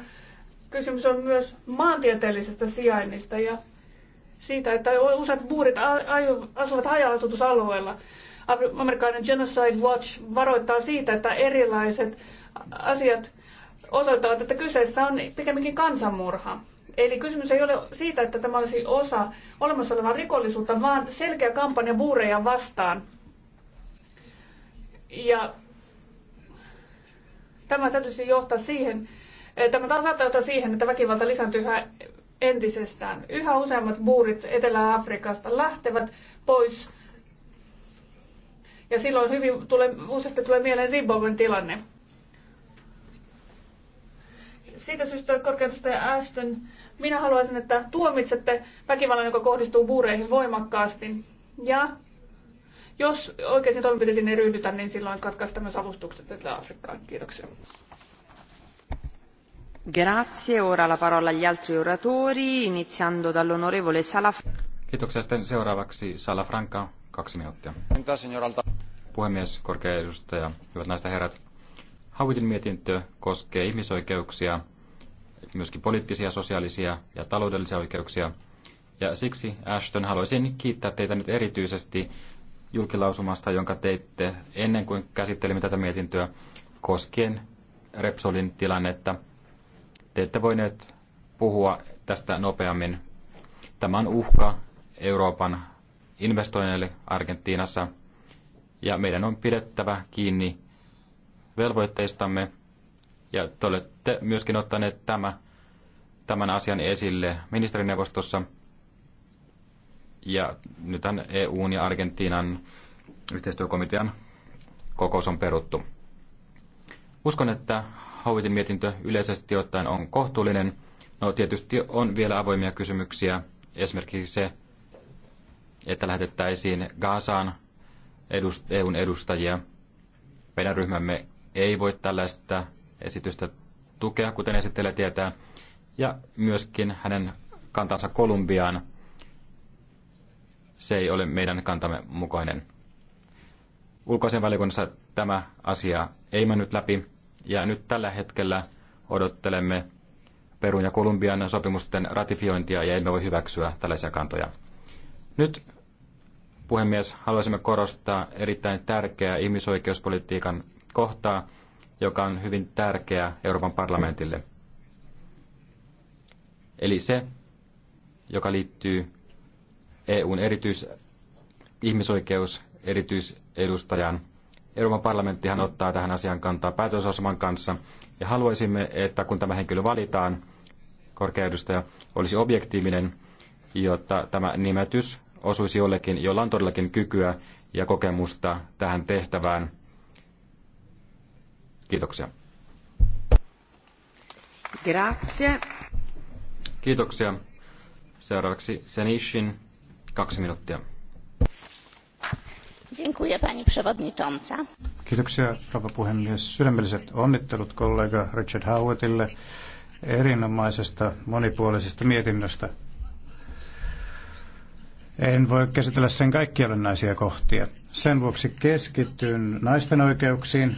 [SPEAKER 1] kysymys on myös maantieteellisestä sijainnista ja siitä, että useat buurit asuvat haja-asutusalueella. Amerikkalainen Genocide Watch varoittaa siitä, että erilaiset asiat osoittavat, että kyseessä on pikemminkin kansanmurha. Eli kysymys ei ole siitä, että tämä olisi osa olemassa olevaa rikollisuutta, vaan selkeä kampanja buureja vastaan. Ja tämä täytyisi johtaa siihen, eh, tämä taas saattaa johtaa siihen, että väkivalta lisääntyy yhä entisestään. Yhä useammat buurit Etelä-Afrikasta lähtevät pois. Ja silloin hyvin tule, useasti tulee mieleen Zimbabwen tilanne. Siitä syystä korkeudesta Ashton, minä haluaisin, että tuomitsette väkivallan, joka kohdistuu buureihin voimakkaasti. Ja jos oikeisiin toimenpiteisiin ei ryhdytä, niin silloin katkaista myös avustukset Etelä-Afrikkaan. Kiitoksia.
[SPEAKER 4] Grazie. Ora la parola agli altri oratori, iniziando dall'onorevole Salafranca.
[SPEAKER 3] Kiitoksia. Sitten seuraavaksi Salafranca, kaksi minuuttia. Puhemies, korkea edustaja, hyvät naiset herrat. Hauitin mietintö koskee ihmisoikeuksia, myöskin poliittisia, sosiaalisia ja taloudellisia oikeuksia. Ja siksi, Ashton, haluaisin kiittää teitä nyt erityisesti julkilausumasta, jonka teitte ennen kuin käsittelimme tätä mietintöä koskien Repsolin tilannetta – te ette voineet puhua tästä nopeammin. Tämä on uhka Euroopan investoinneille Argentiinassa ja meidän on pidettävä kiinni velvoitteistamme ja te olette myöskin ottaneet tämä, tämän asian esille ministerineuvostossa ja nythän EUn ja Argentiinan yhteistyökomitean kokous on peruttu. Uskon, että Howitin mietintö yleisesti ottaen on kohtuullinen. No tietysti on vielä avoimia kysymyksiä, esimerkiksi se, että lähetettäisiin Gaasaan edust- EUn edustajia. Meidän ryhmämme ei voi tällaista esitystä tukea, kuten esittelijä tietää, ja myöskin hänen kantansa Kolumbiaan. Se ei ole meidän kantamme mukainen. Ulkoisen tämä asia ei mennyt läpi. Ja nyt tällä hetkellä odottelemme Perun ja Kolumbian sopimusten ratifiointia ja emme voi hyväksyä tällaisia kantoja. Nyt, puhemies, haluaisimme korostaa erittäin tärkeää ihmisoikeuspolitiikan kohtaa, joka on hyvin tärkeä Euroopan parlamentille. Eli se, joka liittyy EUn erityis, ihmisoikeus erityisedustajan Euroopan parlamenttihan ottaa tähän asiaan kantaa päätösosaman kanssa, ja haluaisimme, että kun tämä henkilö valitaan, korkea olisi objektiivinen, jotta tämä nimetys osuisi jollekin, jolla on todellakin kykyä ja kokemusta tähän tehtävään. Kiitoksia.
[SPEAKER 4] Grazie.
[SPEAKER 3] Kiitoksia. Seuraavaksi Senishin kaksi minuuttia.
[SPEAKER 2] Kiitoksia, rouva puhemies. Sydämelliset onnittelut kollega Richard Howittille erinomaisesta monipuolisesta mietinnöstä. En voi käsitellä sen kaikkia olennaisia kohtia. Sen vuoksi keskityn naisten oikeuksiin,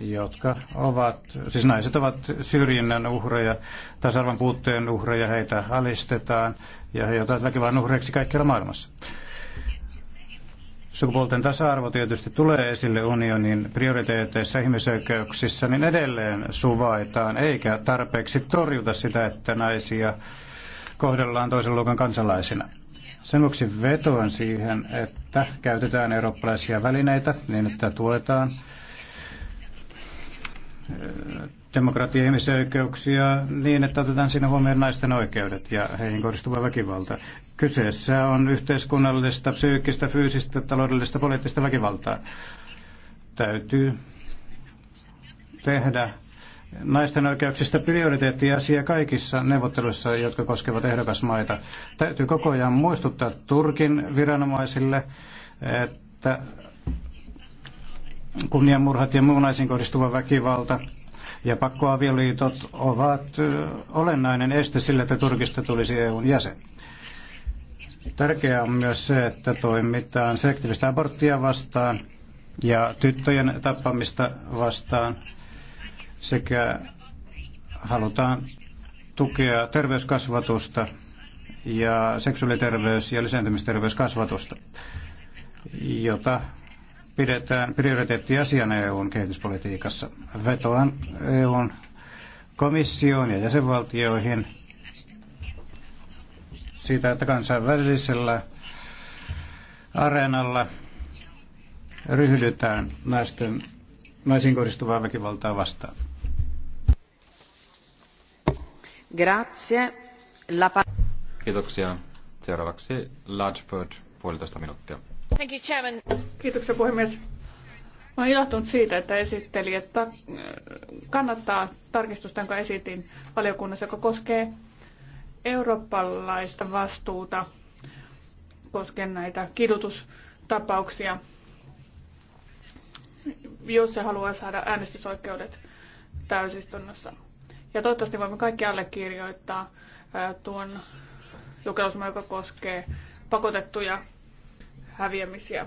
[SPEAKER 2] jotka ovat, siis naiset ovat syrjinnän uhreja, tasa-arvon puutteen uhreja, heitä alistetaan ja he joutuvat väkivallan uhreiksi kaikkialla maailmassa. Sukupuolten tasa-arvo tietysti tulee esille unionin prioriteeteissa ihmisoikeuksissa, niin edelleen suvaitaan, eikä tarpeeksi torjuta sitä, että naisia kohdellaan toisen luokan kansalaisina. Sen vuoksi vetoan siihen, että käytetään eurooppalaisia välineitä niin, että tuetaan eh, demokratia- ja ihmisoikeuksia niin, että otetaan siinä huomioon naisten oikeudet ja heihin kohdistuva väkivalta. Kyseessä on yhteiskunnallista, psyykkistä, fyysistä, taloudellista, poliittista väkivaltaa. Täytyy tehdä naisten oikeuksista prioriteettiasia kaikissa neuvotteluissa, jotka koskevat ehdokasmaita. Täytyy koko ajan muistuttaa Turkin viranomaisille, että kunnianmurhat ja naisiin kohdistuva väkivalta ja pakkoavioliitot ovat olennainen este sille, että Turkista tulisi EUn jäsen. Tärkeää on myös se, että toimitaan selektiivistä aborttia vastaan ja tyttöjen tappamista vastaan sekä halutaan tukea terveyskasvatusta ja seksuaaliterveys- ja lisääntymisterveyskasvatusta, jota pidetään prioriteettiasiana EUn kehityspolitiikassa. Vetoan EUn komissioon ja jäsenvaltioihin – siitä, että kansainvälisellä areenalla ryhdytään naisten, naisiin kohdistuvaa väkivaltaa vastaan.
[SPEAKER 4] Grazie. La...
[SPEAKER 3] Kiitoksia. Seuraavaksi Ladford, puolitoista minuuttia.
[SPEAKER 1] Thank you, Chairman. Kiitoksia puhemies. olen ilahtunut siitä, että esitteli, että kannattaa tarkistusta, jonka esitin valiokunnassa, joka koskee eurooppalaista vastuuta koskien näitä kidutustapauksia, jos se haluaa saada äänestysoikeudet täysistunnossa. Ja toivottavasti voimme kaikki allekirjoittaa tuon julkilausuman, joka koskee pakotettuja häviämisiä.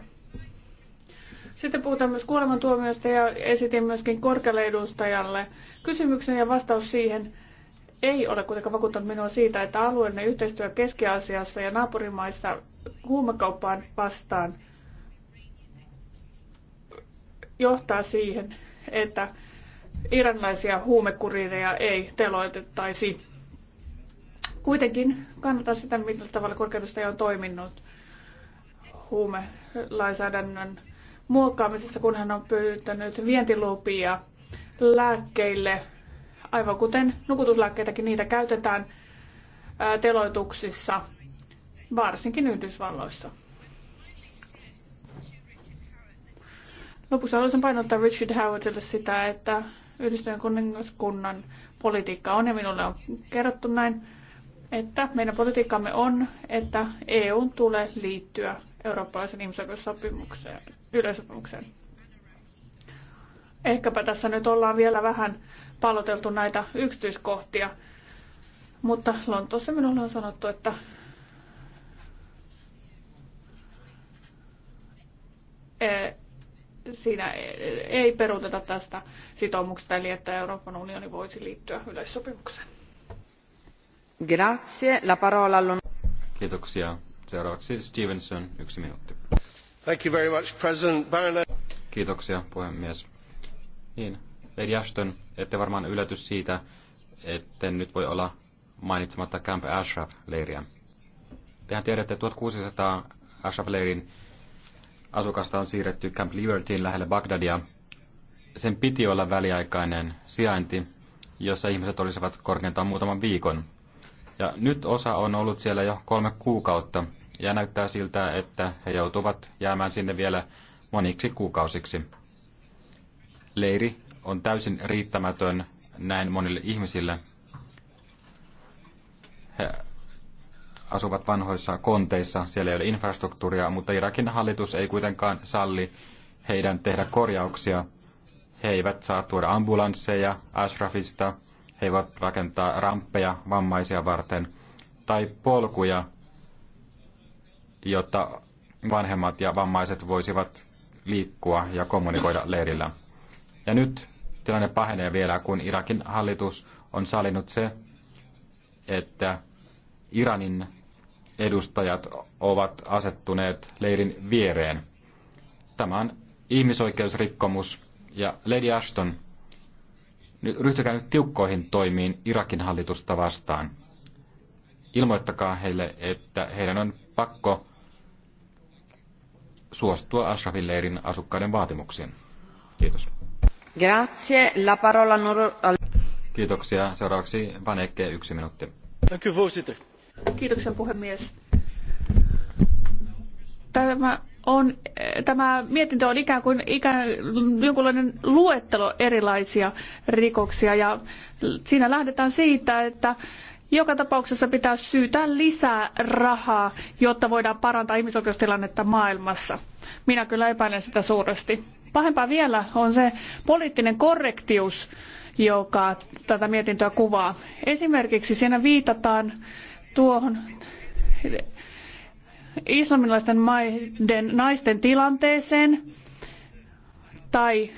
[SPEAKER 1] Sitten puhutaan myös kuolemantuomioista ja esitin myöskin korkealle edustajalle kysymyksen ja vastaus siihen, ei ole kuitenkaan vakuuttanut minua siitä, että alueellinen yhteistyö Keski-Aasiassa ja naapurimaissa huumekauppaan vastaan johtaa siihen, että iranlaisia huumekuriireja ei teloitettaisi. Kuitenkin kannattaa sitä, millä tavalla korkeudesta on toiminut huumelainsäädännön muokkaamisessa, kun hän on pyytänyt vientilupia lääkkeille, aivan kuten nukutuslääkkeitäkin niitä käytetään teloituksissa, varsinkin Yhdysvalloissa. Lopuksi haluaisin painottaa Richard Howardille sitä, että Yhdistyneen kuningaskunnan politiikka on, ja minulle on kerrottu näin, että meidän politiikkamme on, että EU tulee liittyä eurooppalaisen ihmisoikeussopimukseen, yleisopimukseen. Ehkäpä tässä nyt ollaan vielä vähän paloteltu näitä yksityiskohtia. Mutta Lontoossa minulle on sanottu, että e, siinä e, ei peruuteta tästä sitoumuksesta, eli että Euroopan unioni voisi liittyä yleissopimukseen.
[SPEAKER 3] Grazie.
[SPEAKER 4] La parola on...
[SPEAKER 3] Kiitoksia. Seuraavaksi Stevenson, yksi minuutti.
[SPEAKER 5] Thank you very much, President
[SPEAKER 3] Kiitoksia, puhemies. Niin, Lady Ashton, ette varmaan ylläty siitä, etten nyt voi olla mainitsematta Camp Ashraf-leiriä. Tehän tiedätte, että 1600 Ashraf-leirin asukasta on siirretty Camp Libertyin lähelle Bagdadia. Sen piti olla väliaikainen sijainti, jossa ihmiset olisivat korkeintaan muutaman viikon. Ja nyt osa on ollut siellä jo kolme kuukautta, ja näyttää siltä, että he joutuvat jäämään sinne vielä moniksi kuukausiksi. Leiri on täysin riittämätön näin monille ihmisille. He asuvat vanhoissa konteissa, siellä ei ole infrastruktuuria, mutta Irakin hallitus ei kuitenkaan salli heidän tehdä korjauksia. He eivät saa tuoda ambulansseja Ashrafista, he eivät rakentaa ramppeja vammaisia varten tai polkuja, jotta vanhemmat ja vammaiset voisivat liikkua ja kommunikoida leirillä. Ja nyt tilanne pahenee vielä, kun Irakin hallitus on salinut se, että Iranin edustajat ovat asettuneet leirin viereen. Tämä on ihmisoikeusrikkomus ja Lady Ashton, nyt ryhtykää nyt tiukkoihin toimiin Irakin hallitusta vastaan. Ilmoittakaa heille, että heidän on pakko suostua Ashrafin leirin asukkaiden vaatimuksiin. Kiitos. Kiitoksia. Vanekke,
[SPEAKER 1] puhemies. Tämä mietintö on ikään kuin jonkinlainen jonkunlainen luettelo erilaisia rikoksia ja siinä lähdetään siitä, että joka tapauksessa pitää syytää lisää rahaa, jotta voidaan parantaa ihmisoikeustilannetta maailmassa. Minä kyllä epäilen sitä suuresti. Pahempaa vielä on se poliittinen korrektius, joka tätä mietintöä kuvaa. Esimerkiksi siinä viitataan tuohon islamilaisten maiden naisten tilanteeseen tai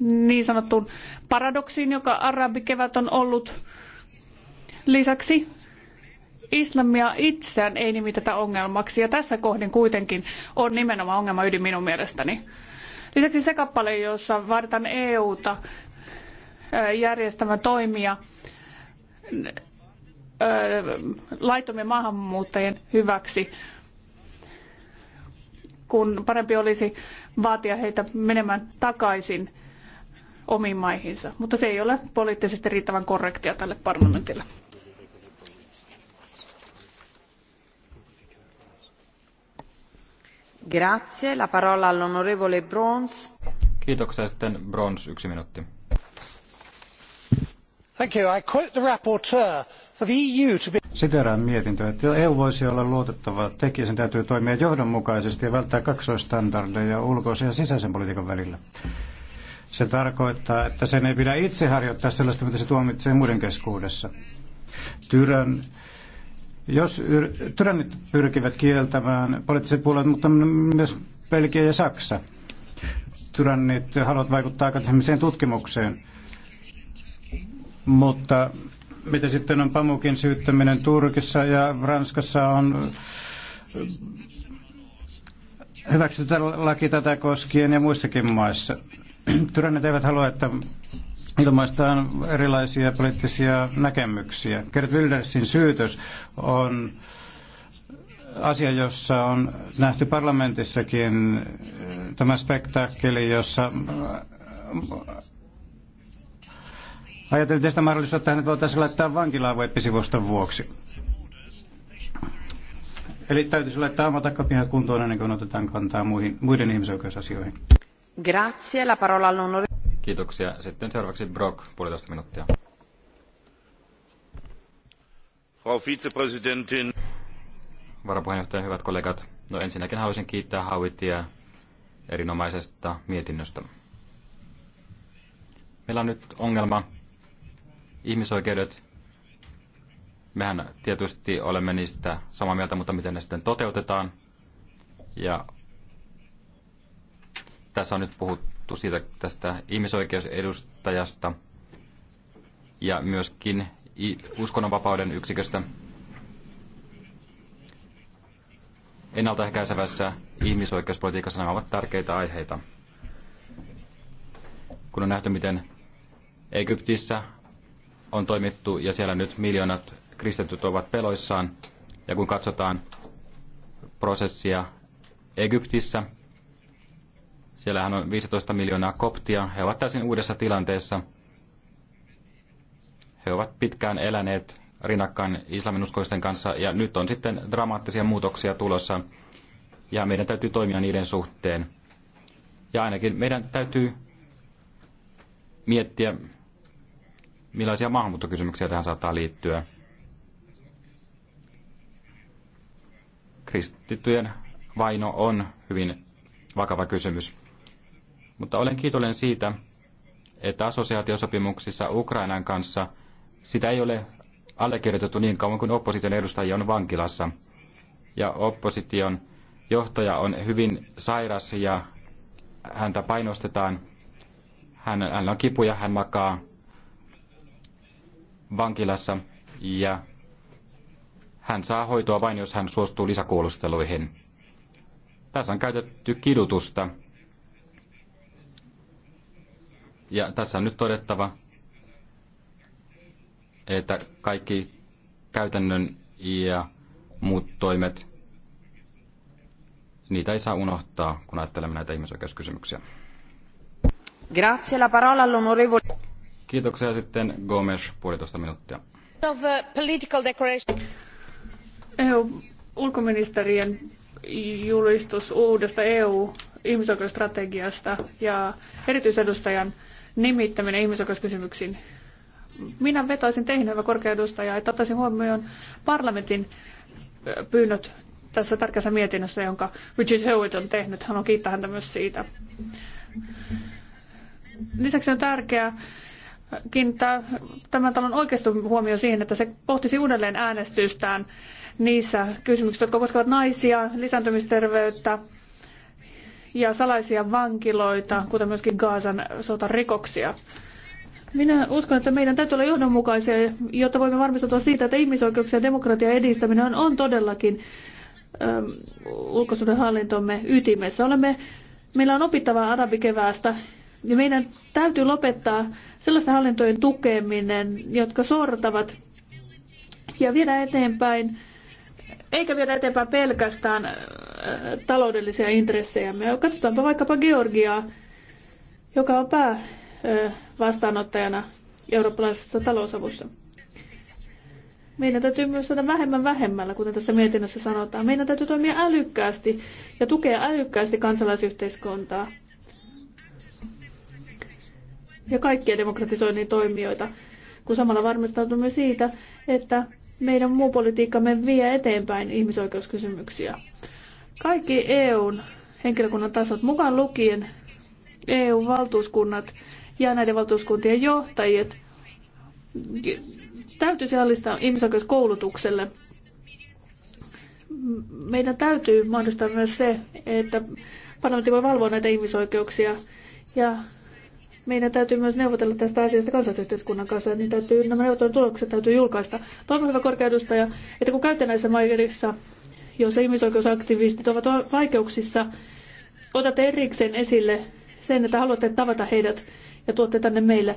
[SPEAKER 1] niin sanottuun paradoksiin, joka arabikevät on ollut. Lisäksi islamia itseään ei nimitetä ongelmaksi ja tässä kohdin kuitenkin on nimenomaan ongelma ydin minun mielestäni. Lisäksi se kappale, jossa vaaditaan EUta järjestämään toimia laitomien maahanmuuttajien hyväksi, kun parempi olisi vaatia heitä menemään takaisin omiin maihinsa. Mutta se ei ole poliittisesti riittävän korrektia tälle parlamentille. siteeraan
[SPEAKER 3] Brons.
[SPEAKER 2] Thank you. I quote the rapporteur for the EU to be... mietintöä, että EU voisi olla luotettava tekijä, sen täytyy toimia johdonmukaisesti ja välttää kaksoisstandardeja ulkoisen ja sisäisen politiikan välillä. Se tarkoittaa, että sen ei pidä itse harjoittaa sellaista, mitä se tuomitsee muiden keskuudessa. Tyrän jos yr- tyrannit pyrkivät kieltämään poliittiset puolueet, mutta myös Belgia ja Saksa, tyrannit haluavat vaikuttaa akateemiseen tutkimukseen, mutta mitä sitten on Pamukin syyttäminen Turkissa ja Ranskassa on hyväksytty laki tätä koskien ja muissakin maissa. Tyrannit eivät halua, että ilmaistaan erilaisia poliittisia näkemyksiä. Gerd Wildersin syytös on asia, jossa on nähty parlamentissakin eh, tämä spektaakkeli, jossa eh, ajateltiin sitä mahdollisuutta, että hänet voitaisiin laittaa vankilaan web vuoksi. Eli täytyisi laittaa oma takapiha kuntoon ennen kuin otetaan kantaa muihin, muiden ihmisoikeusasioihin.
[SPEAKER 4] Grazie, la parola all'onore.
[SPEAKER 2] Kiitoksia. Sitten seuraavaksi
[SPEAKER 3] Brock, puolitoista minuuttia.
[SPEAKER 2] Frau Vizepräsidentin.
[SPEAKER 3] Varapuheenjohtaja, hyvät kollegat. No ensinnäkin haluaisin kiittää Hauitia erinomaisesta mietinnöstä. Meillä on nyt ongelma. Ihmisoikeudet. Mehän tietysti olemme niistä samaa mieltä, mutta miten ne sitten toteutetaan. Ja tässä on nyt puhuttu puhuttu siitä tästä ihmisoikeusedustajasta ja myöskin uskonnonvapauden yksiköstä ennaltaehkäisevässä ihmisoikeuspolitiikassa nämä ovat tärkeitä aiheita. Kun on nähty, miten Egyptissä on toimittu ja siellä nyt miljoonat kristityt ovat peloissaan, ja kun katsotaan prosessia Egyptissä, Siellähän on 15 miljoonaa koptia. He ovat täysin uudessa tilanteessa. He ovat pitkään eläneet rinnakkain islaminuskoisten kanssa ja nyt on sitten dramaattisia muutoksia tulossa ja meidän täytyy toimia niiden suhteen. Ja ainakin meidän täytyy miettiä, millaisia maahanmuuttokysymyksiä tähän saattaa liittyä. Kristittyjen vaino on hyvin vakava kysymys. Mutta olen kiitollinen siitä, että assosiaatiosopimuksissa Ukrainan kanssa sitä ei ole allekirjoitettu niin kauan kuin opposition edustajia on vankilassa. Ja opposition johtaja on hyvin sairas ja häntä painostetaan. Hän, hänellä on kipuja, hän makaa vankilassa ja hän saa hoitoa vain, jos hän suostuu lisäkuulusteluihin. Tässä on käytetty kidutusta Ja tässä on nyt todettava, että kaikki käytännön ja muut toimet, niitä ei saa unohtaa, kun ajattelemme näitä ihmisoikeuskysymyksiä.
[SPEAKER 4] Grazie, la parola all'onorevole.
[SPEAKER 3] Kiitoksia sitten Gomes, puolitoista minuuttia.
[SPEAKER 1] Of uh, political declaration. EU-ulkoministerien julistus uudesta EU-ihmisoikeusstrategiasta ja erityisedustajan nimittäminen ihmisoikeuskysymyksiin. Minä vetoisin teihin, hyvä korkea edustaja, että ottaisin huomioon parlamentin pyynnöt tässä tärkeässä mietinnössä, jonka Richard Howard on tehnyt. Haluan kiittää häntä myös siitä. Lisäksi on tärkeää kiinnittää tämän talon oikeasti huomioon siihen, että se pohtisi uudelleen äänestystään niissä kysymyksissä, jotka koskevat naisia, lisääntymisterveyttä, ja salaisia vankiloita, kuten myöskin Gaasan sotarikoksia. Minä uskon, että meidän täytyy olla johdonmukaisia, jotta voimme varmistua siitä, että ihmisoikeuksia ja demokratian edistäminen on todellakin ähm, ulkosuhdehallintomme ytimessä. Olemme, meillä on opittavaa arabikeväästä ja meidän täytyy lopettaa sellaisten hallintojen tukeminen, jotka sortavat ja viedä eteenpäin eikä viedä eteenpäin pelkästään äh, taloudellisia Me Katsotaanpa vaikkapa Georgiaa, joka on äh, vastaanottajana eurooppalaisessa talousavussa. Meidän täytyy myös saada vähemmän vähemmällä, kuten tässä mietinnössä sanotaan. Meidän täytyy toimia älykkäästi ja tukea älykkäästi kansalaisyhteiskuntaa ja kaikkia demokratisoinnin toimijoita, kun samalla varmistautumme siitä, että meidän muu politiikkamme vie eteenpäin ihmisoikeuskysymyksiä. Kaikki EUn henkilökunnan tasot, mukaan lukien EU-valtuuskunnat ja näiden valtuuskuntien johtajat, täytyisi alistaa ihmisoikeuskoulutukselle. Meidän täytyy mahdollistaa myös se, että parlamentti voi valvoa näitä ihmisoikeuksia ja meidän täytyy myös neuvotella tästä asiasta kansalaisyhteiskunnan kanssa, niin täytyy, nämä neuvottelun tulokset täytyy julkaista. Toivon hyvä korkea edustaja, että kun käytte näissä maailmissa, jos ihmisoikeusaktivistit ovat vaikeuksissa, otatte erikseen esille sen, että haluatte tavata heidät ja tuotte tänne meille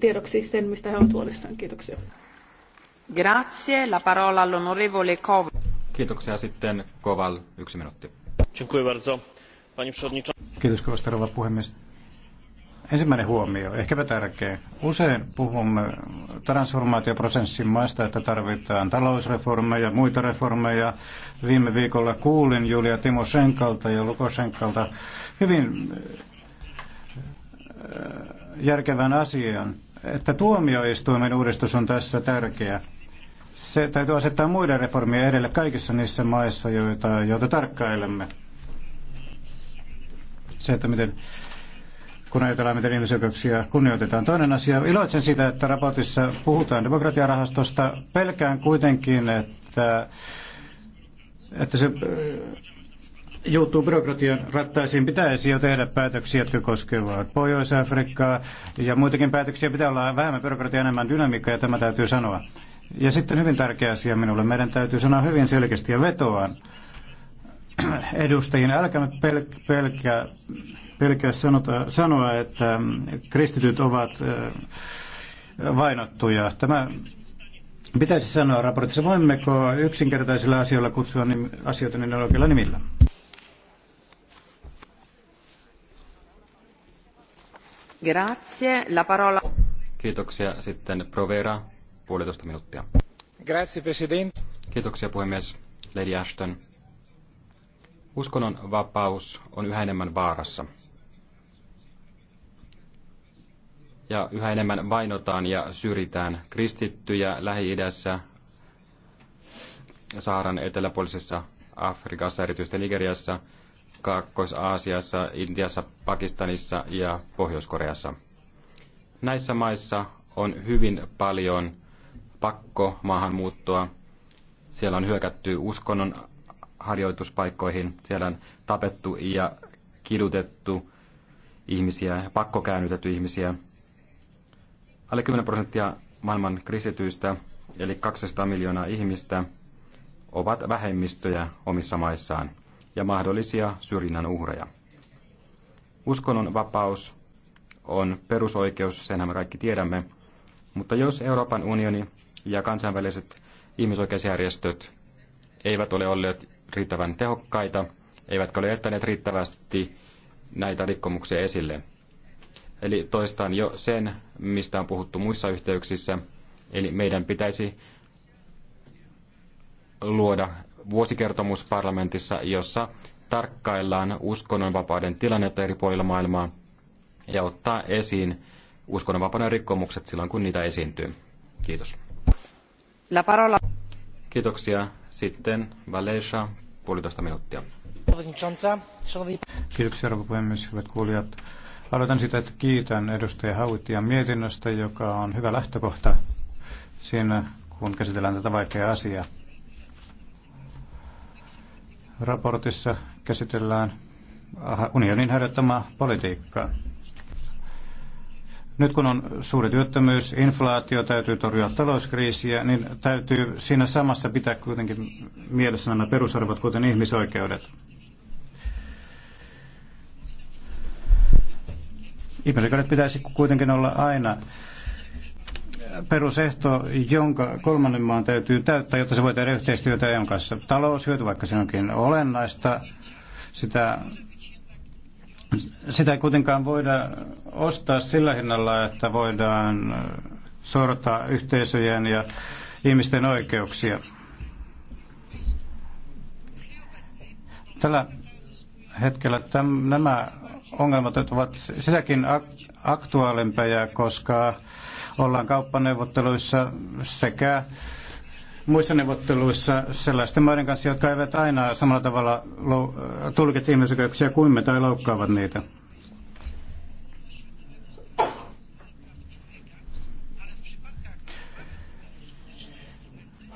[SPEAKER 1] tiedoksi sen, mistä he ovat huolissaan. Kiitoksia.
[SPEAKER 4] Grazie. La parola all'onorevole Koval. Kiitoksia sitten Koval. Yksi minuutti. Dziękuję bardzo. Panie
[SPEAKER 5] przewodniczący.
[SPEAKER 2] Kiitos kovasti, rouva puhemies. Ensimmäinen huomio, ehkäpä tärkeä. Usein puhumme transformaatioprosessin maista, että tarvitaan talousreformeja, muita reformeja. Viime viikolla kuulin Julia Senkalta ja Senkalta hyvin äh, järkevän asian, että tuomioistuimen uudistus on tässä tärkeä. Se täytyy asettaa muiden reformien edelle kaikissa niissä maissa, joita, joita tarkkailemme. Se, että miten kun ajatellaan, miten ihmisoikeuksia kunnioitetaan. Toinen asia, iloitsen siitä, että raportissa puhutaan demokratiarahastosta. Pelkään kuitenkin, että, että se äh, joutuu byrokratian rattaisiin. Pitäisi jo tehdä päätöksiä, jotka koskevat Pohjois-Afrikkaa ja muitakin päätöksiä. Pitää olla vähemmän byrokratiaa, enemmän dynamiikkaa ja tämä täytyy sanoa. Ja sitten hyvin tärkeä asia minulle. Meidän täytyy sanoa hyvin selkeästi ja vetoaan edustajien, älkää pelkää pelkää sanota, sanoa, että mm, kristityt ovat vainottuja. Tämä pitäisi sanoa raportissa. Voimmeko yksinkertaisilla asioilla kutsua asioita niin oikeilla nimillä?
[SPEAKER 4] Grazie. La parola...
[SPEAKER 3] Kiitoksia. Sitten Provera, puolitoista minuuttia.
[SPEAKER 4] Grazie, Presidente.
[SPEAKER 3] Kiitoksia, puhemies. Lady Ashton. Uskonnon vapaus on yhä enemmän vaarassa. ja yhä enemmän vainotaan ja syrjitään kristittyjä Lähi-idässä, Saaran eteläpuolisessa Afrikassa, erityisesti Nigeriassa, Kaakkois-Aasiassa, Intiassa, Pakistanissa ja Pohjois-Koreassa. Näissä maissa on hyvin paljon maahanmuuttoa. Siellä on hyökätty uskonnon harjoituspaikkoihin, siellä on tapettu ja kidutettu ihmisiä, pakkokäännytetty ihmisiä – Alle 10 prosenttia maailman kristityistä, eli 200 miljoonaa ihmistä, ovat vähemmistöjä omissa maissaan ja mahdollisia syrjinnän uhreja. Uskonnon vapaus on perusoikeus, senhän me kaikki tiedämme, mutta jos Euroopan unioni ja kansainväliset ihmisoikeusjärjestöt eivät ole olleet riittävän tehokkaita, eivätkä ole jättäneet riittävästi näitä rikkomuksia esille, Eli toistan jo sen, mistä on puhuttu muissa yhteyksissä. Eli meidän pitäisi luoda vuosikertomus parlamentissa, jossa tarkkaillaan uskonnonvapauden tilannetta eri puolilla maailmaa ja ottaa esiin uskonnonvapauden rikkomukset silloin, kun niitä esiintyy. Kiitos. La parola. Kiitoksia. Sitten Valesha, puolitoista minuuttia.
[SPEAKER 2] Kiitoksia, rouva puhemies, hyvät kuulijat. Aloitan sitä, että kiitän edustaja Hauittia mietinnöstä, joka on hyvä lähtökohta siinä, kun käsitellään tätä vaikeaa asiaa. Raportissa käsitellään unionin harjoittamaa politiikkaa. Nyt kun on suuri työttömyys, inflaatio, täytyy torjua talouskriisiä, niin täytyy siinä samassa pitää kuitenkin mielessä nämä perusarvot, kuten ihmisoikeudet. Ihmisoikeudet pitäisi kuitenkin olla aina perusehto, jonka kolmannen maan täytyy täyttää, jotta se voi tehdä yhteistyötä EUn kanssa. Taloushyöty, vaikka se onkin olennaista, sitä, sitä ei kuitenkaan voida ostaa sillä hinnalla, että voidaan sortaa yhteisöjen ja ihmisten oikeuksia. Tällä hetkellä täm, nämä ongelmat ovat sitäkin aktuaalimpia, koska ollaan kauppaneuvotteluissa sekä muissa neuvotteluissa sellaisten maiden kanssa, jotka eivät aina samalla tavalla tulkitse ihmisoikeuksia kuin me tai loukkaavat niitä.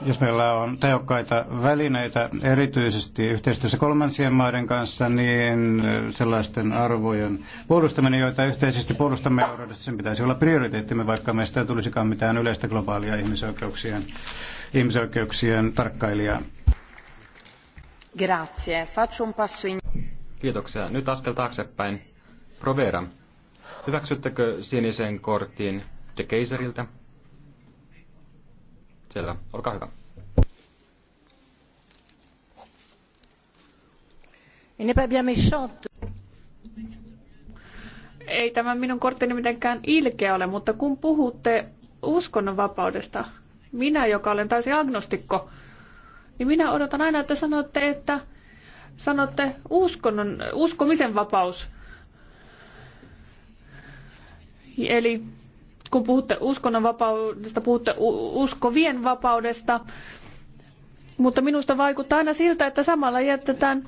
[SPEAKER 2] jos meillä on tehokkaita välineitä, erityisesti yhteistyössä kolmansien maiden kanssa, niin sellaisten arvojen puolustaminen, joita yhteisesti puolustamme Euroopassa, sen pitäisi olla prioriteettimme, vaikka meistä ei tulisikaan mitään yleistä globaalia ihmisoikeuksien, ihmisoikeuksien tarkkailijaa.
[SPEAKER 4] Grazie. Faccio un passo in...
[SPEAKER 2] Kiitoksia. Nyt askel
[SPEAKER 3] taaksepäin. Provera, hyväksyttekö sinisen kortin De Keiseriltä? Selvä, olkaa hyvä.
[SPEAKER 1] Ei tämä minun korttini mitenkään ilkeä ole, mutta kun puhutte uskonnonvapaudesta, minä, joka olen täysin agnostikko, niin minä odotan aina, että sanotte, että sanotte uskonnon, uskomisen vapaus. Eli kun puhutte uskonnonvapaudesta, puhutte uskovien vapaudesta, mutta minusta vaikuttaa aina siltä, että samalla jätetään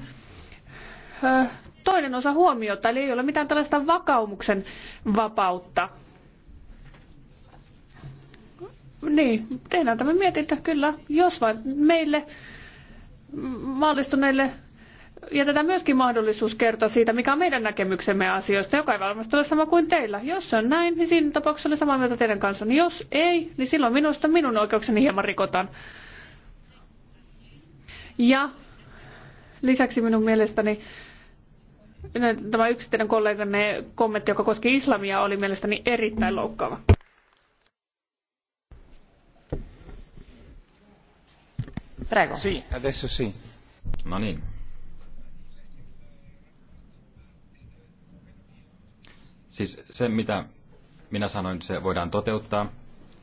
[SPEAKER 1] toinen osa huomiota, eli ei ole mitään tällaista vakaumuksen vapautta. Niin, tehdään tämä mietintä, kyllä, jos vain meille maallistuneille jätetään myöskin mahdollisuus kertoa siitä, mikä on meidän näkemyksemme asioista, joka ei varmasti ole sama kuin teillä. Jos se on näin, niin siinä tapauksessa olen samaa mieltä teidän kanssanne. Niin jos ei, niin silloin minusta minun oikeukseni hieman rikotaan. Ja lisäksi minun mielestäni tämä yksittäinen kolleganne kommentti, joka koski islamia, oli mielestäni erittäin loukkaava. Prego. Sì,
[SPEAKER 3] adesso sì. No niin, Siis se, mitä minä sanoin, se voidaan toteuttaa.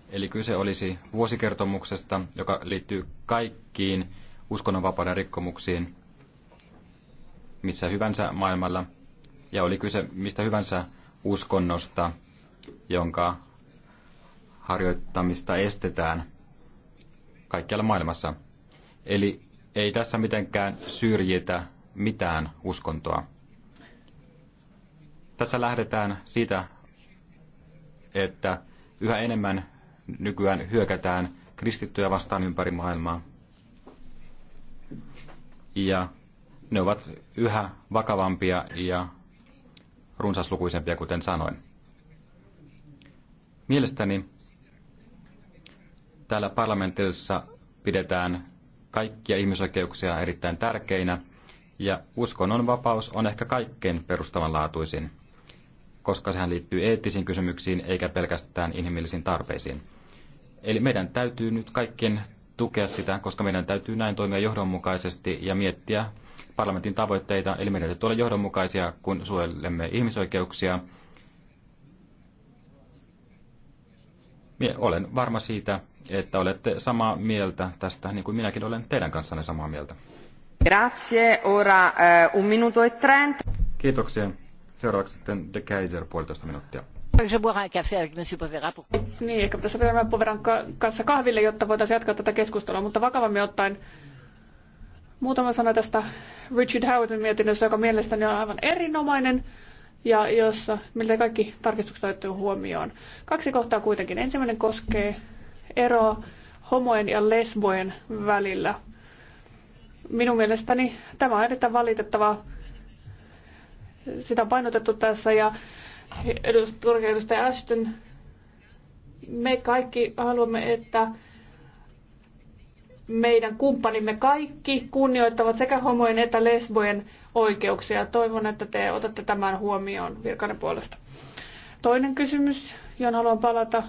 [SPEAKER 3] Eli kyse olisi vuosikertomuksesta, joka liittyy kaikkiin uskonnonvapauden rikkomuksiin missä hyvänsä maailmalla. Ja oli kyse mistä hyvänsä uskonnosta, jonka harjoittamista estetään kaikkialla maailmassa. Eli ei tässä mitenkään syrjitä mitään uskontoa. Tässä lähdetään siitä, että yhä enemmän nykyään hyökätään kristittyjä vastaan ympäri maailmaa. Ja ne ovat yhä vakavampia ja runsaslukuisempia, kuten sanoin. Mielestäni täällä parlamentissa pidetään kaikkia ihmisoikeuksia erittäin tärkeinä, ja uskonnonvapaus on ehkä kaikkein perustavanlaatuisin koska sehän liittyy eettisiin kysymyksiin eikä pelkästään inhimillisiin tarpeisiin. Eli meidän täytyy nyt kaikkien tukea sitä, koska meidän täytyy näin toimia johdonmukaisesti ja miettiä parlamentin tavoitteita. Eli meidän täytyy olla johdonmukaisia, kun suojelemme ihmisoikeuksia. Mie olen varma siitä, että olette samaa mieltä tästä, niin kuin minäkin olen teidän kanssanne samaa mieltä.
[SPEAKER 4] Grazie, ora eh, un minuto e
[SPEAKER 3] Kiitoksia. Seuraavaksi sitten De Kaiser puolitoista minuuttia.
[SPEAKER 1] Niin, ehkä tässä pitää Poveran kanssa kahville, jotta voitaisiin jatkaa tätä keskustelua, mutta vakavammin ottaen muutama sana tästä Richard Howardin mietinnössä, joka mielestäni on aivan erinomainen ja jossa miltä kaikki tarkistukset otettu huomioon. Kaksi kohtaa kuitenkin. Ensimmäinen koskee eroa homojen ja lesbojen välillä. Minun mielestäni tämä on erittäin valitettavaa sitä on painotettu tässä ja korkean edustaja Ashton, me kaikki haluamme, että meidän kumppanimme kaikki kunnioittavat sekä homojen että lesbojen oikeuksia. Toivon, että te otatte tämän huomioon virkanen puolesta. Toinen kysymys, johon haluan palata,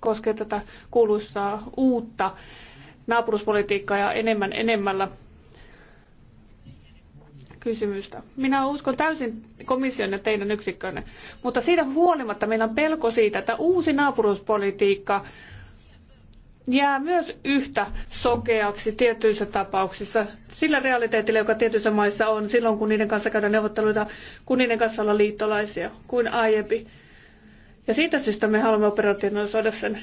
[SPEAKER 1] koskee tätä kuuluisaa uutta naapuruspolitiikkaa ja enemmän enemmällä – kysymystä. Minä uskon täysin komission ja teidän yksikkönne, mutta siitä huolimatta meillä on pelko siitä, että uusi naapuruuspolitiikka jää myös yhtä sokeaksi tietyissä tapauksissa sillä realiteetillä, joka tietyissä maissa on silloin, kun niiden kanssa käydään neuvotteluita, kun niiden kanssa ollaan liittolaisia kuin aiempi. Ja siitä syystä me haluamme operationalisoida sen.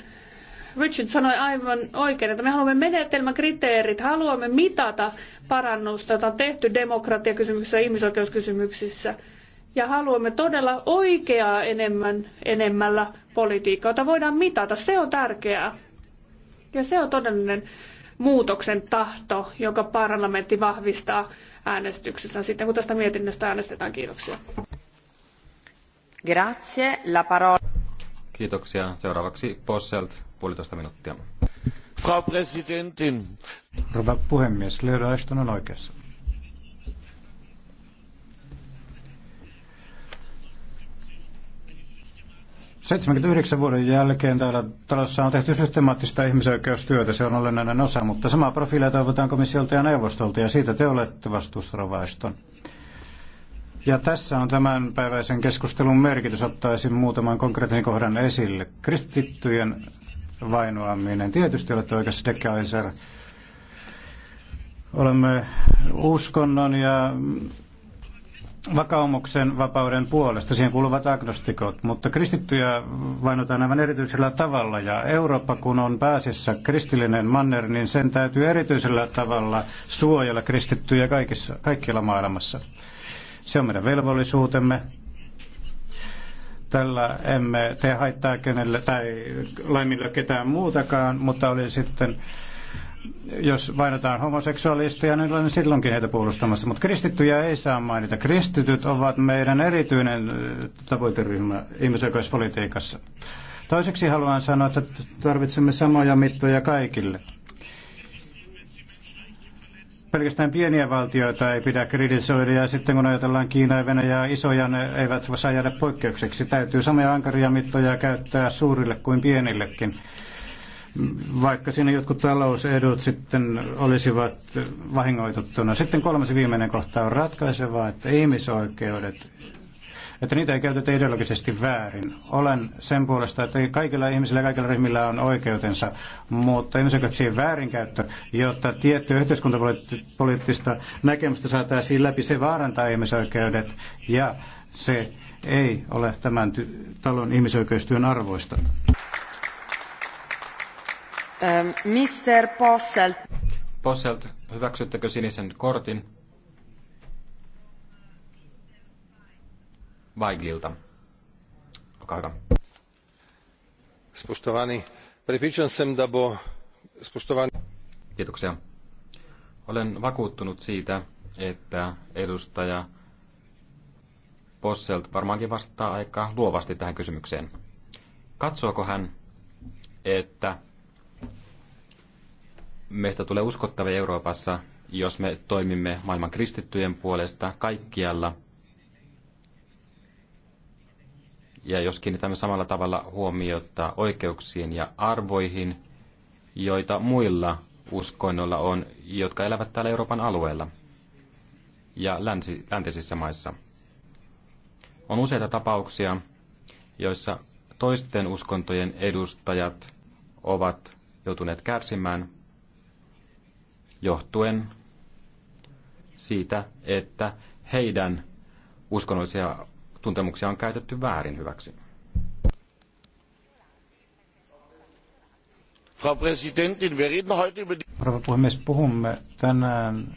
[SPEAKER 1] Richard sanoi aivan oikein, että me haluamme menetelmäkriteerit, haluamme mitata parannusta, jota on tehty demokratiakysymyksissä ja ihmisoikeuskysymyksissä. Ja haluamme todella oikeaa enemmän, enemmällä politiikkaa, jota voidaan mitata. Se on tärkeää. Ja se on todellinen muutoksen tahto, jonka parlamentti vahvistaa äänestyksessä sitten, kun tästä mietinnöstä äänestetään. Kiitoksia.
[SPEAKER 4] Grazie. La parola. Kiitoksia. Seuraavaksi
[SPEAKER 3] Posselt, puolitoista minuuttia. Frau Präsidentin.
[SPEAKER 2] Rouva puhemies, Leila Ashton on oikeassa. Seitsemänkymmentäyhdeksän vuoden jälkeen täällä talossa on tehty systemaattista ihmisoikeustyötä, se on olennainen osa, mutta samaa profiilia toivotaan komissiolta ja neuvostolta, ja siitä te olette vastuussa, Rovaiston. Ja tässä on tämän päiväisen keskustelun merkitys. Ottaisin muutaman konkreettisen kohdan esille. Kristittyjen vainoaminen. Tietysti olette oikeassa, Dekaiser. Olemme uskonnon ja vakaumuksen vapauden puolesta. Siihen kuuluvat agnostikot, mutta kristittyjä vainotaan aivan erityisellä tavalla. Ja Eurooppa, kun on pääsissä kristillinen manner, niin sen täytyy erityisellä tavalla suojella kristittyjä kaikissa, kaikkialla maailmassa. Se on meidän velvollisuutemme. Tällä emme tee haittaa kenelle tai laimille ketään muutakaan, mutta oli sitten jos vainotaan homoseksuaalisteja, niin olen silloinkin heitä puolustamassa. Mutta kristittyjä ei saa mainita. Kristityt ovat meidän erityinen tavoiteryhmä ihmisoikeuspolitiikassa. Toiseksi haluan sanoa, että tarvitsemme samoja mittoja kaikille pelkästään pieniä valtioita ei pidä kritisoida ja sitten kun ajatellaan Kiinaa ja Venäjää, isoja ne eivät saa jäädä poikkeukseksi. Täytyy samoja ankaria mittoja käyttää suurille kuin pienillekin. Vaikka siinä jotkut talousedut sitten olisivat vahingoituttuna. Sitten kolmas viimeinen kohta on ratkaisevaa, että ihmisoikeudet että niitä ei käytetä ideologisesti väärin. Olen sen puolesta, että kaikilla ihmisillä ja kaikilla ryhmillä on oikeutensa, mutta ihmisoikeuksien väärinkäyttö, jotta tiettyä yhteiskuntapoliittista näkemystä saataisiin läpi, se vaarantaa ihmisoikeudet ja se ei ole tämän talon ihmisoikeustyön arvoista.
[SPEAKER 4] Mr. Ähm, Posselt.
[SPEAKER 3] Posselt, hyväksyttekö sinisen kortin? Vaiglilta. Olkaa hyvä. Spoštovani,
[SPEAKER 2] sem, da bo spoštovani...
[SPEAKER 3] Kiitoksia. Olen vakuuttunut siitä, että edustaja Posselt varmaankin vastaa aika luovasti tähän kysymykseen. Katsoako hän, että meistä tulee uskottavia Euroopassa, jos me toimimme maailman kristittyjen puolesta kaikkialla – Ja jos kiinnitämme samalla tavalla huomiota oikeuksiin ja arvoihin, joita muilla uskonnoilla on, jotka elävät täällä Euroopan alueella ja länsi, läntisissä maissa. On useita tapauksia, joissa toisten uskontojen edustajat ovat joutuneet kärsimään johtuen siitä, että heidän uskonnollisia tuntemuksia on käytetty väärin hyväksi.
[SPEAKER 2] Frau Rouva puhemies, puhumme tänään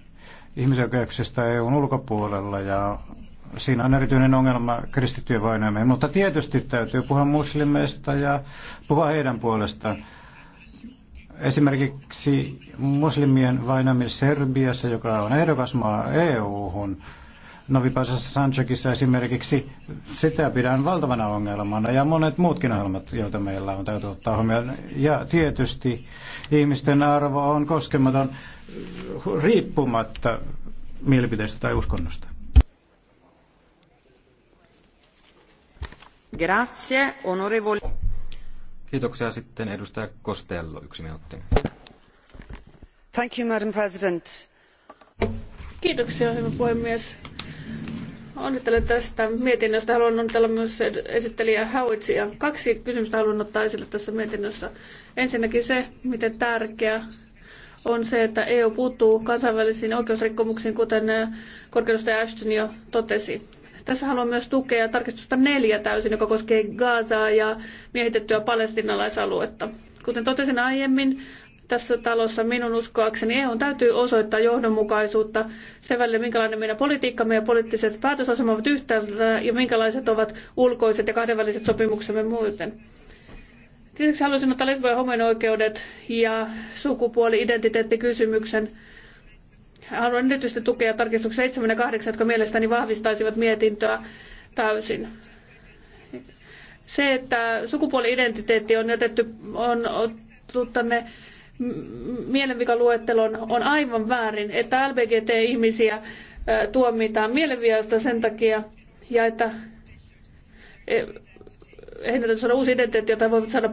[SPEAKER 2] ihmisoikeuksista EUn ulkopuolella ja siinä on erityinen ongelma kristittyjen vainoaminen, mutta tietysti täytyy puhua muslimeista ja puhua heidän puolestaan. Esimerkiksi muslimien vainoaminen Serbiassa, joka on ehdokasmaa EU-hun, Novipasassa Sanchokissa esimerkiksi, sitä pidän valtavana ongelmana ja monet muutkin ohjelmat, joita meillä on, täytyy ottaa huomioon. Ja tietysti ihmisten arvo on koskematon riippumatta mielipiteistä tai uskonnosta.
[SPEAKER 4] Grazie, onorevoli.
[SPEAKER 2] Kiitoksia
[SPEAKER 3] sitten edustaja Costello, yksi minuutti.
[SPEAKER 1] Thank you, Madam President. Kiitoksia, hyvä puhemies Onnittelen tästä mietinnöstä. Haluan onnitella myös esittelijä Howitsia. Kaksi kysymystä haluan ottaa esille tässä mietinnössä. Ensinnäkin se, miten tärkeä on se, että EU puuttuu kansainvälisiin oikeusrikkomuksiin, kuten korkeudustaja Ashton jo totesi. Tässä haluan myös tukea tarkistusta neljä täysin, joka koskee Gazaa ja miehitettyä palestinalaisaluetta. Kuten totesin aiemmin, tässä talossa minun uskoakseni EUn täytyy osoittaa johdonmukaisuutta sen välillä, minkälainen meidän politiikkamme ja poliittiset päätösasemamme ovat yhtäällä ja minkälaiset ovat ulkoiset ja kahdenväliset sopimuksemme muuten. Lisäksi haluaisin ottaa lesbojen homojen oikeudet ja sukupuoli-identiteettikysymyksen. Haluan erityisesti tukea tarkistuksia 7 ja 8, jotka mielestäni vahvistaisivat mietintöä täysin se, että sukupuoli-identiteetti on jätetty, on otettu tänne mielenvikaluettelon, on aivan väärin, että LBGT-ihmisiä tuomitaan mielenviasta sen takia, ja että e, heidän täytyy saada uusi identiteetti, jota voivat saada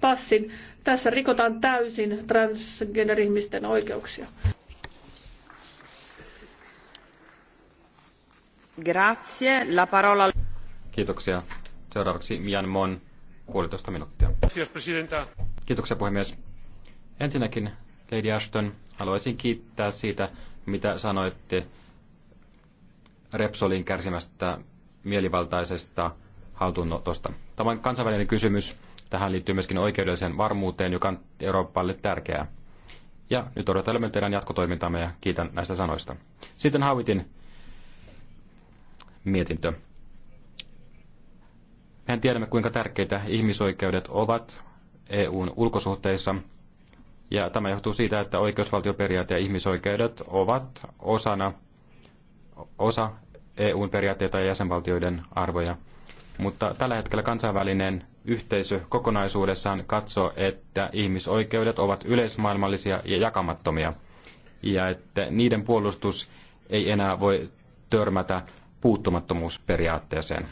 [SPEAKER 1] passin. Tässä rikotaan täysin transgender-ihmisten oikeuksia. Grazie. La parola...
[SPEAKER 3] Kiitoksia. Seuraavaksi Mian Mon, puolitoista minuuttia. Kiitoksia puhemies. Ensinnäkin, Lady Ashton, haluaisin kiittää siitä, mitä sanoitte Repsolin kärsimästä mielivaltaisesta haltuunotosta. Tämä on kansainvälinen kysymys. Tähän liittyy myöskin oikeudelliseen varmuuteen, joka on Euroopalle tärkeää. Ja nyt odotelemme teidän jatkotoimintamme ja kiitän näistä sanoista. Sitten Havitin mietintö. Mehän tiedämme, kuinka tärkeitä ihmisoikeudet ovat EUn ulkosuhteissa – ja tämä johtuu siitä, että oikeusvaltioperiaate ja ihmisoikeudet ovat osana, osa EUn periaatteita ja jäsenvaltioiden arvoja. Mutta tällä hetkellä kansainvälinen yhteisö kokonaisuudessaan katsoo, että ihmisoikeudet ovat yleismaailmallisia ja jakamattomia, ja että niiden puolustus ei enää voi törmätä puuttumattomuusperiaatteeseen.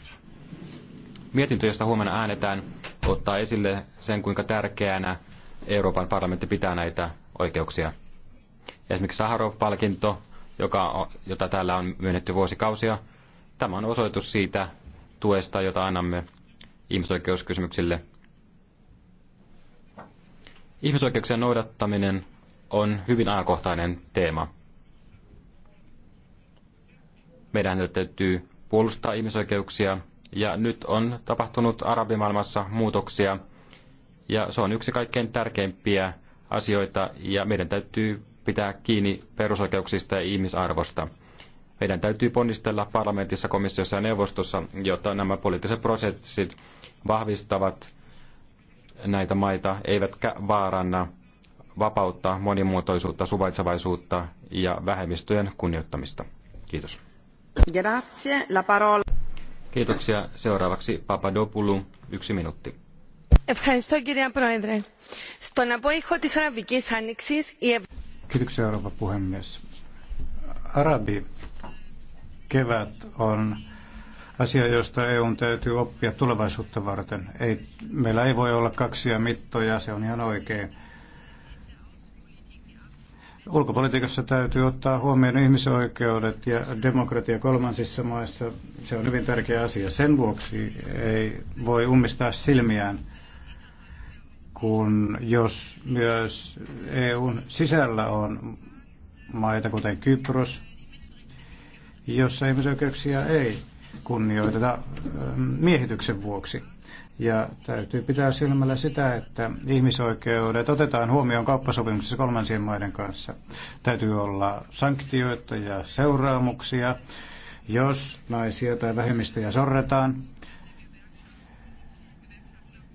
[SPEAKER 3] Mietintö, josta huomenna äänetään, ottaa esille sen, kuinka tärkeänä Euroopan parlamentti pitää näitä oikeuksia. Esimerkiksi Saharov-palkinto, joka, jota täällä on myönnetty vuosikausia, tämä on osoitus siitä tuesta, jota annamme ihmisoikeuskysymyksille. Ihmisoikeuksien noudattaminen on hyvin ajankohtainen teema. Meidän täytyy puolustaa ihmisoikeuksia ja nyt on tapahtunut arabimaailmassa muutoksia – ja se on yksi kaikkein tärkeimpiä asioita ja meidän täytyy pitää kiinni perusoikeuksista ja ihmisarvosta. Meidän täytyy ponnistella parlamentissa, komissiossa ja neuvostossa, jotta nämä poliittiset prosessit vahvistavat näitä maita, eivätkä vaaranna vapautta, monimuotoisuutta, suvaitsevaisuutta ja vähemmistöjen kunnioittamista. Kiitos.
[SPEAKER 4] Grazie, la parola.
[SPEAKER 3] Kiitoksia. Seuraavaksi Papadopoulou, yksi minuutti.
[SPEAKER 4] Ευχαριστώ κυρία Πρόεδρε. Στον απόϊχο της Αραβικής Άνοιξης... Η...
[SPEAKER 2] Kiitoksia rouva puhemies. Arabi kevät on asia, josta EUn täytyy oppia tulevaisuutta varten. Ei, meillä ei voi olla kaksia mittoja, se on ihan oikein. Ulkopolitiikassa täytyy ottaa huomioon ihmisoikeudet ja demokratia kolmansissa maissa. Se on hyvin tärkeä asia. Sen vuoksi ei voi ummistaa silmiään – kun jos myös EUn sisällä on maita, kuten Kypros, jossa ihmisoikeuksia ei kunnioiteta miehityksen vuoksi. Ja täytyy pitää silmällä sitä, että ihmisoikeudet otetaan huomioon kauppasopimuksessa kolmansien maiden kanssa. Täytyy olla sanktioita ja seuraamuksia, jos naisia tai vähemmistöjä sorretaan,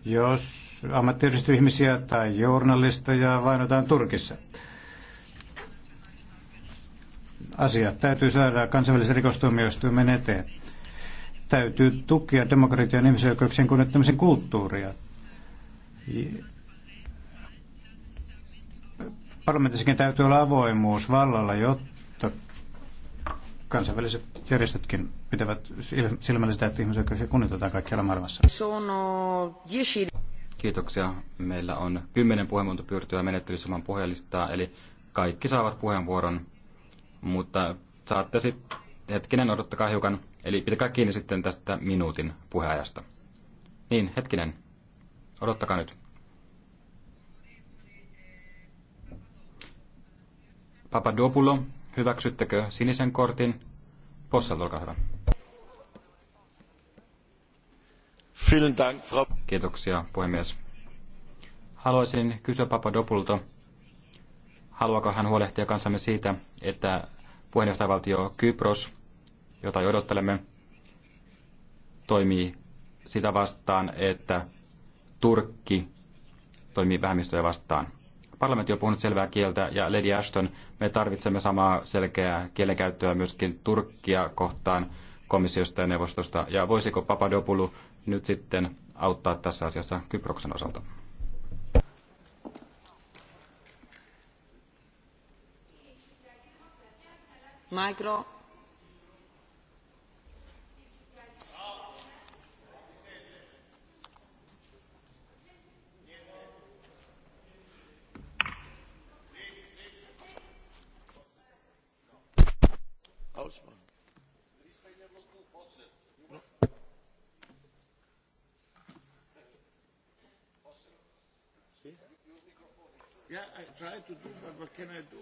[SPEAKER 2] jos ammattiyhdistysihmisiä tai journalisteja vainotaan Turkissa. Asiat täytyy saada kansainvälisen rikostuomioistuimen eteen. Täytyy tukea demokratian ihmisoikeuksien kunnioittamisen kulttuuria. Parlamentissakin täytyy olla avoimuus vallalla, jotta kansainväliset järjestötkin pitävät silmällä sitä, että ihmisoikeuksia kunnioitetaan kaikkialla maailmassa. Kiitoksia. Meillä
[SPEAKER 3] on kymmenen puheenvuoropyyntöä menettelyssä ilman puhelistaa, eli kaikki saavat puheenvuoron, mutta saatte sitten, hetkinen, odottakaa hiukan, eli pitäkää kiinni sitten tästä minuutin puheajasta. Niin, hetkinen, odottakaa nyt. Papadopulo, hyväksyttekö sinisen kortin? Possalt, olkaa hyvä. Kiitoksia, puhemies. Haluaisin kysyä Papadopoulta, haluaako hän huolehtia kanssamme siitä, että puheenjohtajavaltio Kypros, jota odottelemme, toimii sitä vastaan, että Turkki toimii vähemmistöjä vastaan. Parlamentti on puhunut selvää kieltä ja Lady Ashton, me tarvitsemme samaa selkeää kielenkäyttöä myöskin Turkkia kohtaan komissiosta ja neuvostosta. Ja voisiko Papadopoulou nyt sitten auttaa tässä asiassa Kyproksen osalta.
[SPEAKER 4] Mikro.
[SPEAKER 2] Ausmachen. Yeah, I tried to do, but what can I do?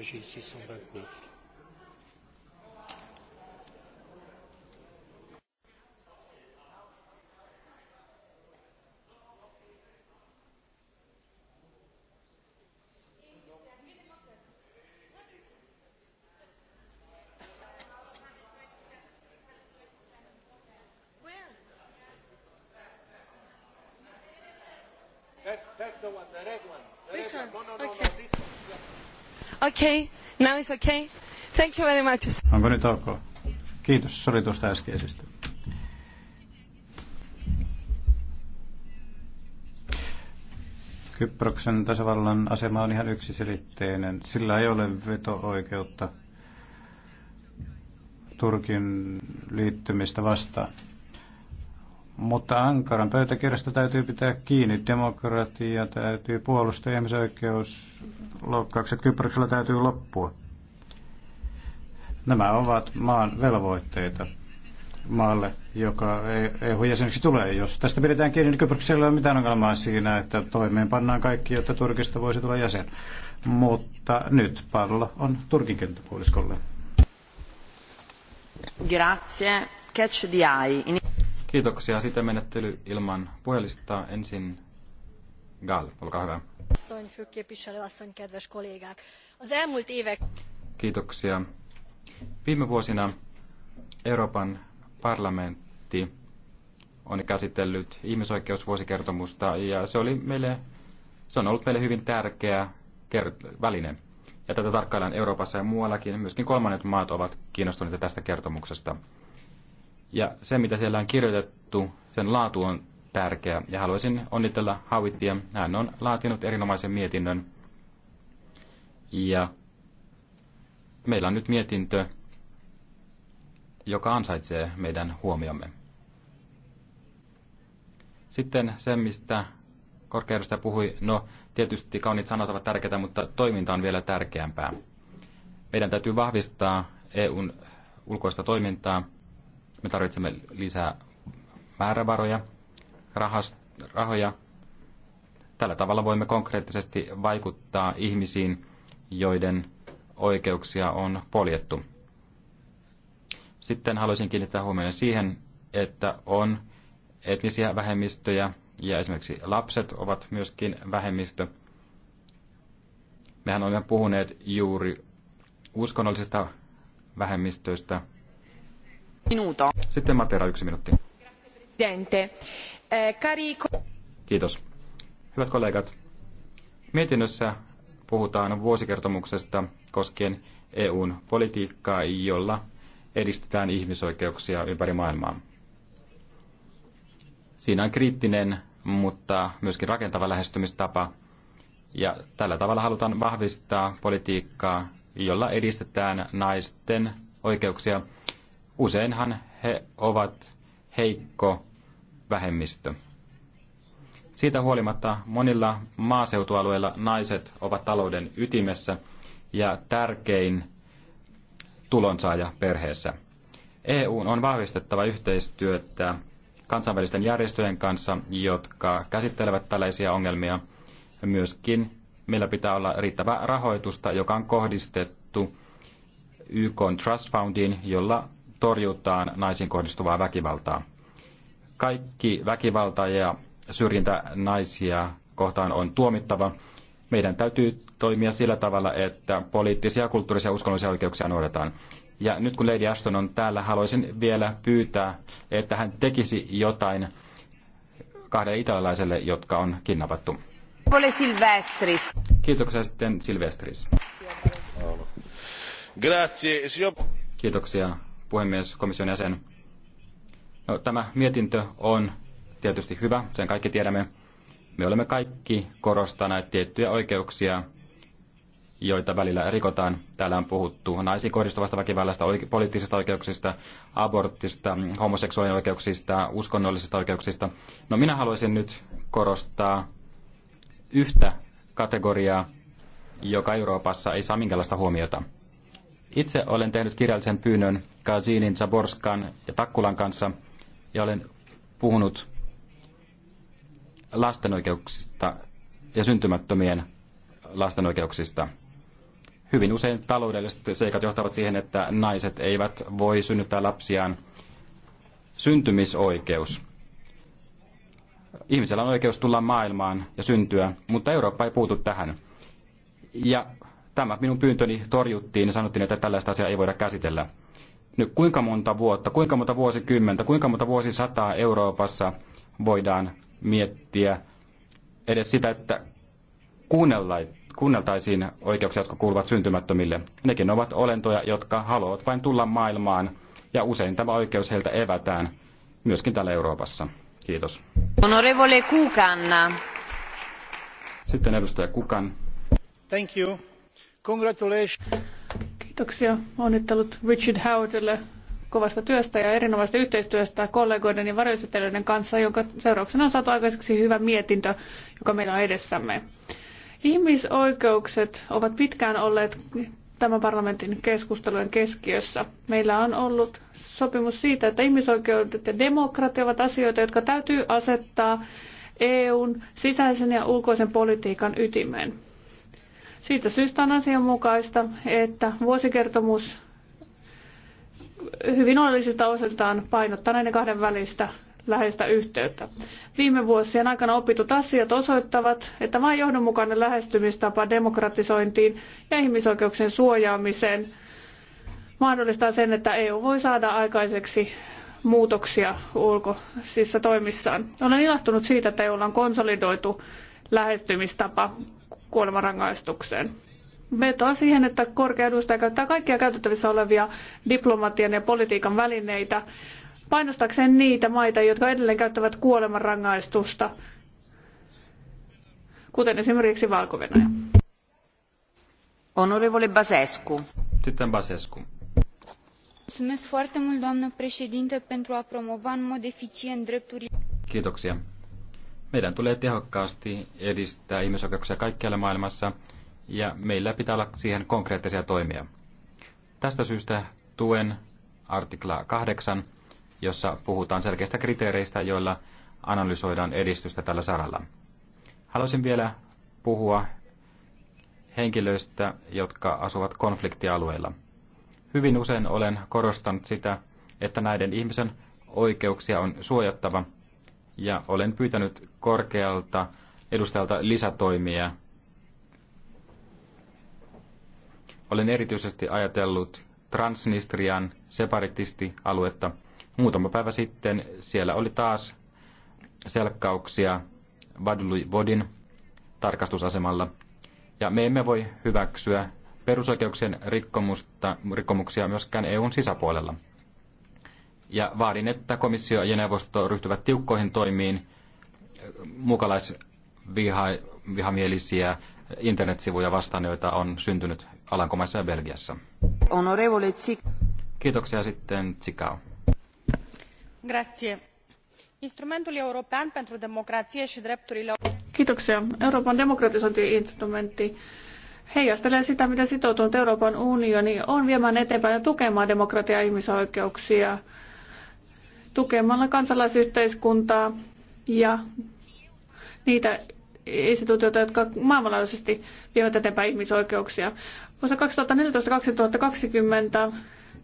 [SPEAKER 2] Régie 629.
[SPEAKER 4] okay? Now it's okay? Thank you very much. Onko
[SPEAKER 2] nyt ok? Kiitos, sori tuosta äskeisestä. Kyproksen tasavallan asema on ihan yksiselitteinen. Sillä ei ole veto-oikeutta Turkin liittymistä vastaan. Mutta Ankaran pöytäkirjasta täytyy pitää kiinni. Demokratia täytyy puolustaa ihmisoikeusloukkaukset Kyproksella täytyy loppua. Nämä ovat maan velvoitteita maalle, joka EU-jäseneksi e tulee. Jos tästä pidetään kiinni, niin Kyproksella ei ole mitään ongelmaa siinä, että toimeenpannaan kaikki, jotta Turkista voisi tulla jäsen. Mutta nyt pallo on Turkin kenttäpuoliskolle.
[SPEAKER 4] Grazie. Catch the eye.
[SPEAKER 3] Kiitoksia. Sitä menettely ilman puhelista. Ensin Gal, olkaa hyvä. Kiitoksia. Viime vuosina Euroopan parlamentti on käsitellyt ihmisoikeusvuosikertomusta ja se, oli meille, se on ollut meille hyvin tärkeä väline. Ja tätä tarkkaillaan Euroopassa ja muuallakin. Myöskin kolmannet maat ovat kiinnostuneita tästä kertomuksesta. Ja se, mitä siellä on kirjoitettu, sen laatu on tärkeä. Ja haluaisin onnitella Hauittia. Hän on laatinut erinomaisen mietinnön. Ja meillä on nyt mietintö, joka ansaitsee meidän huomiomme. Sitten se, mistä korkeudusta puhui, no tietysti kauniit sanat ovat tärkeitä, mutta toiminta on vielä tärkeämpää. Meidän täytyy vahvistaa EUn ulkoista toimintaa me tarvitsemme lisää määrävaroja, rahast, rahoja. Tällä tavalla voimme konkreettisesti vaikuttaa ihmisiin, joiden oikeuksia on poljettu. Sitten haluaisin kiinnittää huomioon siihen, että on etnisiä vähemmistöjä ja esimerkiksi lapset ovat myöskin vähemmistö. Mehän olemme puhuneet juuri uskonnollisista vähemmistöistä sitten Matera, yksi minuutti. Eh, Kiitos. Hyvät kollegat, mietinnössä puhutaan vuosikertomuksesta koskien EUn politiikkaa, jolla edistetään ihmisoikeuksia ympäri maailmaa. Siinä on kriittinen, mutta myöskin rakentava lähestymistapa, ja tällä tavalla halutaan vahvistaa politiikkaa, jolla edistetään naisten oikeuksia Useinhan he ovat heikko vähemmistö. Siitä huolimatta monilla maaseutualueilla naiset ovat talouden ytimessä ja tärkein tulonsaaja perheessä. EU on vahvistettava yhteistyötä kansainvälisten järjestöjen kanssa, jotka käsittelevät tällaisia ongelmia. Myöskin meillä pitää olla riittävä rahoitusta, joka on kohdistettu YK Trust Foundin, jolla torjutaan naisiin kohdistuvaa väkivaltaa. Kaikki väkivalta ja syrjintä naisia kohtaan on tuomittava. Meidän täytyy toimia sillä tavalla, että poliittisia, kulttuurisia ja uskonnollisia oikeuksia noudatetaan. Ja nyt kun Lady Ashton on täällä, haluaisin vielä pyytää, että hän tekisi jotain kahdelle italialaiselle, jotka on kidnappattu.
[SPEAKER 4] Silvestris.
[SPEAKER 3] Kiitoksia sitten Silvestris. Grazie, Kiitoksia puhemies, komission jäsen. No, tämä mietintö on tietysti hyvä, sen kaikki tiedämme. Me olemme kaikki korostaneet tiettyjä oikeuksia, joita välillä rikotaan. Täällä on puhuttu naisiin kohdistuvasta väkivallasta, oike- poliittisista oikeuksista, abortista, homoseksuaalien oikeuksista, uskonnollisista oikeuksista. No minä haluaisin nyt korostaa yhtä kategoriaa, joka Euroopassa ei saa minkäänlaista huomiota – itse olen tehnyt kirjallisen pyynnön Kazinin, Zaborskan ja Takkulan kanssa ja olen puhunut lasten oikeuksista ja syntymättömien lasten oikeuksista. Hyvin usein taloudelliset seikat johtavat siihen, että naiset eivät voi synnyttää lapsiaan. Syntymisoikeus. Ihmisellä on oikeus tulla maailmaan ja syntyä, mutta Eurooppa ei puutu tähän. Ja tämä minun pyyntöni torjuttiin ja sanottiin, että tällaista asiaa ei voida käsitellä. Nyt kuinka monta vuotta, kuinka monta vuosikymmentä, kuinka monta vuosisataa Euroopassa voidaan miettiä edes sitä, että kuunneltaisiin oikeuksia, jotka kuuluvat syntymättömille. Nekin ovat olentoja, jotka haluavat vain tulla maailmaan, ja usein tämä oikeus heiltä evätään, myöskin täällä Euroopassa. Kiitos.
[SPEAKER 4] Onorevole Kukan.
[SPEAKER 3] Sitten edustaja Kukan.
[SPEAKER 2] Thank you. Congratulations.
[SPEAKER 1] Kiitoksia. Onnittelut Richard Howardille kovasta työstä ja erinomaisesta yhteistyöstä kollegoiden ja varjoesittelijöiden kanssa, jonka seurauksena on saatu aikaiseksi hyvä mietintö, joka meillä on edessämme. Ihmisoikeukset ovat pitkään olleet tämän parlamentin keskustelujen keskiössä. Meillä on ollut sopimus siitä, että ihmisoikeudet ja demokratia ovat asioita, jotka täytyy asettaa EUn sisäisen ja ulkoisen politiikan ytimeen. Siitä syystä on asianmukaista, että vuosikertomus hyvin oleellisista osiltaan painottaa näiden kahden välistä läheistä yhteyttä. Viime vuosien aikana opitut asiat osoittavat, että vain johdonmukainen lähestymistapa demokratisointiin ja ihmisoikeuksien suojaamiseen mahdollistaa sen, että EU voi saada aikaiseksi muutoksia ulkoisissa toimissaan. Olen ilahtunut siitä, että EUlla on konsolidoitu lähestymistapa kuolemanrangaistukseen. Vetoa siihen, että korkea edustaja käyttää kaikkia käytettävissä olevia diplomatian ja politiikan välineitä painostakseen niitä maita, jotka edelleen käyttävät kuolemanrangaistusta, kuten esimerkiksi valko -Venäjä. Onorevole Basescu. Sitten Basescu.
[SPEAKER 5] Mulțumesc foarte mult, doamnă președinte, pentru a promova în mod eficient drepturile.
[SPEAKER 3] Kiitoksia. Meidän tulee tehokkaasti edistää ihmisoikeuksia kaikkialla maailmassa ja meillä pitää olla siihen konkreettisia toimia. Tästä syystä tuen artiklaa 8, jossa puhutaan selkeistä kriteereistä, joilla analysoidaan edistystä tällä saralla. Haluaisin vielä puhua henkilöistä, jotka asuvat konfliktialueilla. Hyvin usein olen korostanut sitä, että näiden ihmisen oikeuksia on suojattava – ja olen pyytänyt korkealta edustajalta lisätoimia. Olen erityisesti ajatellut Transnistrian separatistialuetta. Muutama päivä sitten siellä oli taas selkkauksia vodin tarkastusasemalla. Ja me emme voi hyväksyä perusoikeuksien rikkomusta, rikkomuksia myöskään EUn sisäpuolella ja vaadin, että komissio ja neuvosto ryhtyvät tiukkoihin toimiin äh, muukalaisvihamielisiä internetsivuja vastaan, joita on syntynyt Alankomaissa ja Belgiassa. Onorevole Kiitoksia sitten Tsikao.
[SPEAKER 4] Grazie. Instrumentul european pentru democrație și drepturile...
[SPEAKER 1] Kiitoksia. Euroopan demokratisointiinstrumentti heijastelee sitä, mitä sitoutunut Euroopan unioni on viemään eteenpäin ja tukemaan demokratiaa ja ihmisoikeuksia tukemalla kansalaisyhteiskuntaa ja niitä instituutioita, jotka maailmanlaajuisesti vievät eteenpäin ihmisoikeuksia. Vuonna 2014-2020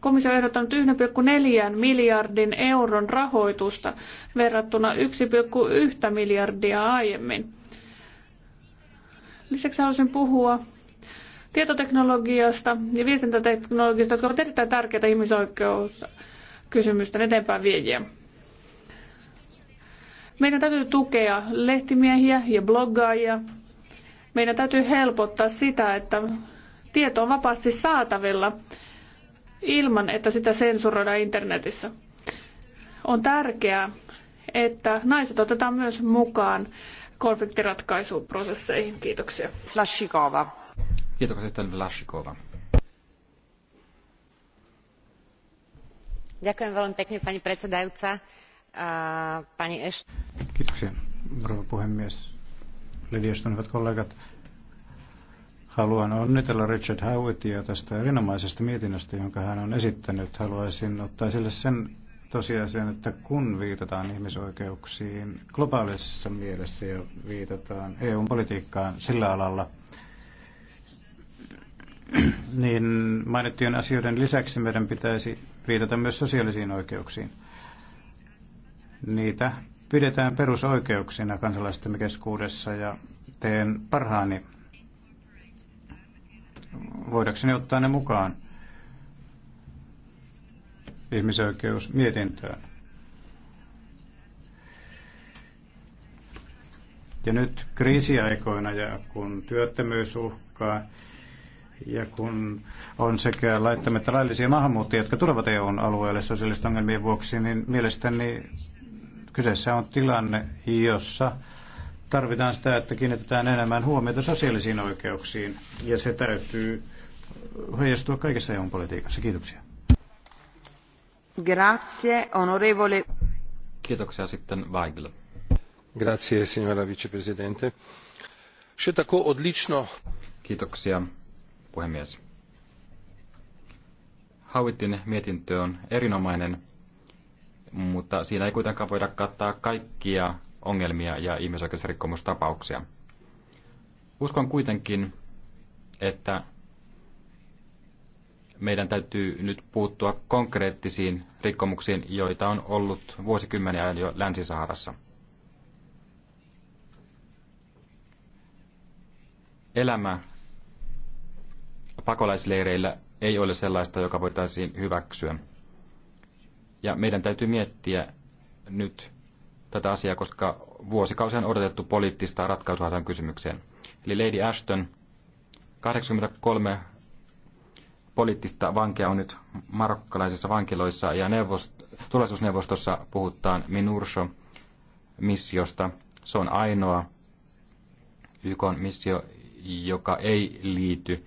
[SPEAKER 1] komissio on ehdottanut 1,4 miljardin euron rahoitusta verrattuna 1,1 miljardia aiemmin. Lisäksi haluaisin puhua tietoteknologiasta ja viestintäteknologiasta, jotka ovat erittäin tärkeitä ihmisoikeuksia kysymysten eteenpäin viejiä. Meidän täytyy tukea lehtimiehiä ja bloggaajia. Meidän täytyy helpottaa sitä, että tieto on vapaasti saatavilla ilman, että sitä sensuroidaan internetissä. On tärkeää, että naiset otetaan myös mukaan konfliktiratkaisuprosesseihin. Kiitoksia. Flashikova.
[SPEAKER 3] Kiitoksia sitten
[SPEAKER 2] Kiitoksia, rouva puhemies. Lady hyvät kollegat. Haluan onnitella Richard Howittia tästä erinomaisesta mietinnöstä, jonka hän on esittänyt. Haluaisin ottaa esille sen tosiasian, että kun viitataan ihmisoikeuksiin globaalisessa mielessä ja viitataan EU-politiikkaan sillä alalla, niin mainittujen asioiden lisäksi meidän pitäisi viitata myös sosiaalisiin oikeuksiin. Niitä pidetään perusoikeuksina kansalaistemme keskuudessa ja teen parhaani voidakseni ottaa ne mukaan ihmisoikeusmietintöön. Ja nyt kriisiaikoina ja kun työttömyys uhkaa, ja kun on sekä laittomia että laillisia maahanmuuttajia, jotka tulevat eu alueelle sosiaalisten ongelmien vuoksi, niin mielestäni kyseessä on tilanne, jossa tarvitaan sitä, että kiinnitetään enemmän huomiota sosiaalisiin oikeuksiin, ja se täytyy heijastua kaikessa eu politiikassa. Kiitoksia.
[SPEAKER 4] Grazie, onorevole.
[SPEAKER 2] Kiitoksia sitten Weigl. Grazie, signora vicepresidente.
[SPEAKER 4] Še tako odlično.
[SPEAKER 3] Kiitoksia, puhemies. Hauitin mietintö on erinomainen, mutta siinä ei kuitenkaan voida kattaa kaikkia ongelmia ja ihmisoikeusrikkomustapauksia. Uskon kuitenkin, että meidän täytyy nyt puuttua konkreettisiin rikkomuksiin, joita on ollut vuosikymmeniä ajan jo Länsi-Saharassa. Elämä pakolaisleireillä ei ole sellaista, joka voitaisiin hyväksyä. Ja meidän täytyy miettiä nyt tätä asiaa, koska vuosikausia on odotettu poliittista ratkaisua tähän kysymykseen. Eli Lady Ashton, 83 poliittista vankia on nyt marokkalaisissa vankiloissa ja neuvost- tulevaisuusneuvostossa puhutaan Minurso-missiosta. Se on ainoa YK-missio, joka ei liity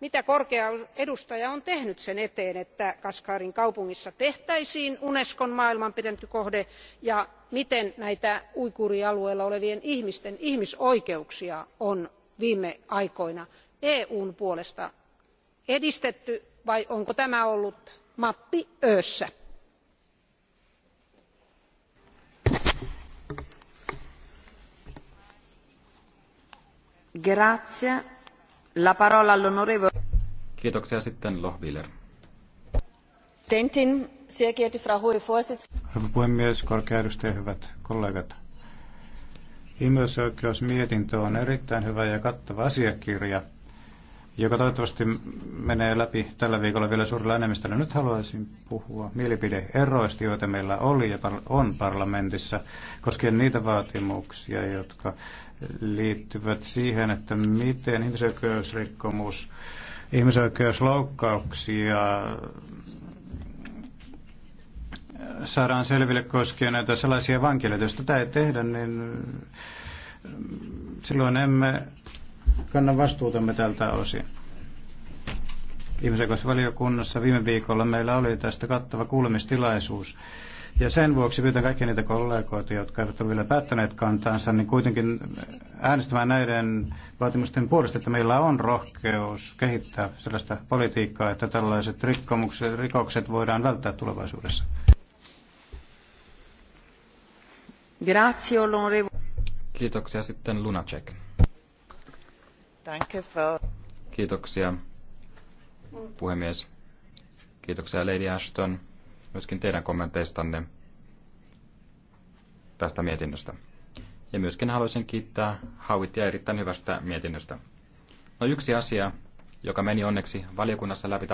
[SPEAKER 5] mitä korkea edustaja on tehnyt sen eteen että kashgarin kaupungissa tehtäisiin unescon maailmanperintökohde ja miten näitä uiguurialueella olevien ihmisten ihmisoikeuksia on viime aikoina eu n puolesta edistetty vai onko tämä ollut mappi öössä?
[SPEAKER 4] La parola all'onorevole.
[SPEAKER 2] Kiitoksia sitten Lohbiller.
[SPEAKER 4] Tentin, sehr geehrte Frau hohe
[SPEAKER 2] Rouva puhemies, korkea edustaja, hyvät kollegat. Ihmisoikeusmietintö on erittäin hyvä ja kattava asiakirja, joka toivottavasti menee läpi tällä viikolla vielä suurella enemmistöllä. Nyt haluaisin puhua mielipideeroista, joita meillä oli ja on parlamentissa, koskien niitä vaatimuksia, jotka liittyvät siihen, että miten ihmisoikeusrikkomus, ihmisoikeusloukkauksia saadaan selville koskien näitä sellaisia vankileita. Jos tätä ei tehdä, niin silloin emme kanna vastuutamme tältä osin. Ihmisoikeusvaliokunnassa viime viikolla meillä oli tästä kattava kuulemistilaisuus. Ja sen vuoksi pyytän kaikkia niitä kollegoita, jotka eivät ole vielä päättäneet kantaansa, niin kuitenkin äänestämään näiden vaatimusten puolesta, että meillä on rohkeus kehittää sellaista politiikkaa, että tällaiset rikkomukset, rikokset voidaan välttää tulevaisuudessa. Kiitoksia sitten
[SPEAKER 3] Lunacek. Kiitoksia puhemies. Kiitoksia Lady Ashton myöskin teidän kommenteistanne tästä mietinnöstä. Ja myöskin haluaisin kiittää Hauitia erittäin hyvästä mietinnöstä. No yksi asia, joka meni onneksi valiokunnassa läpi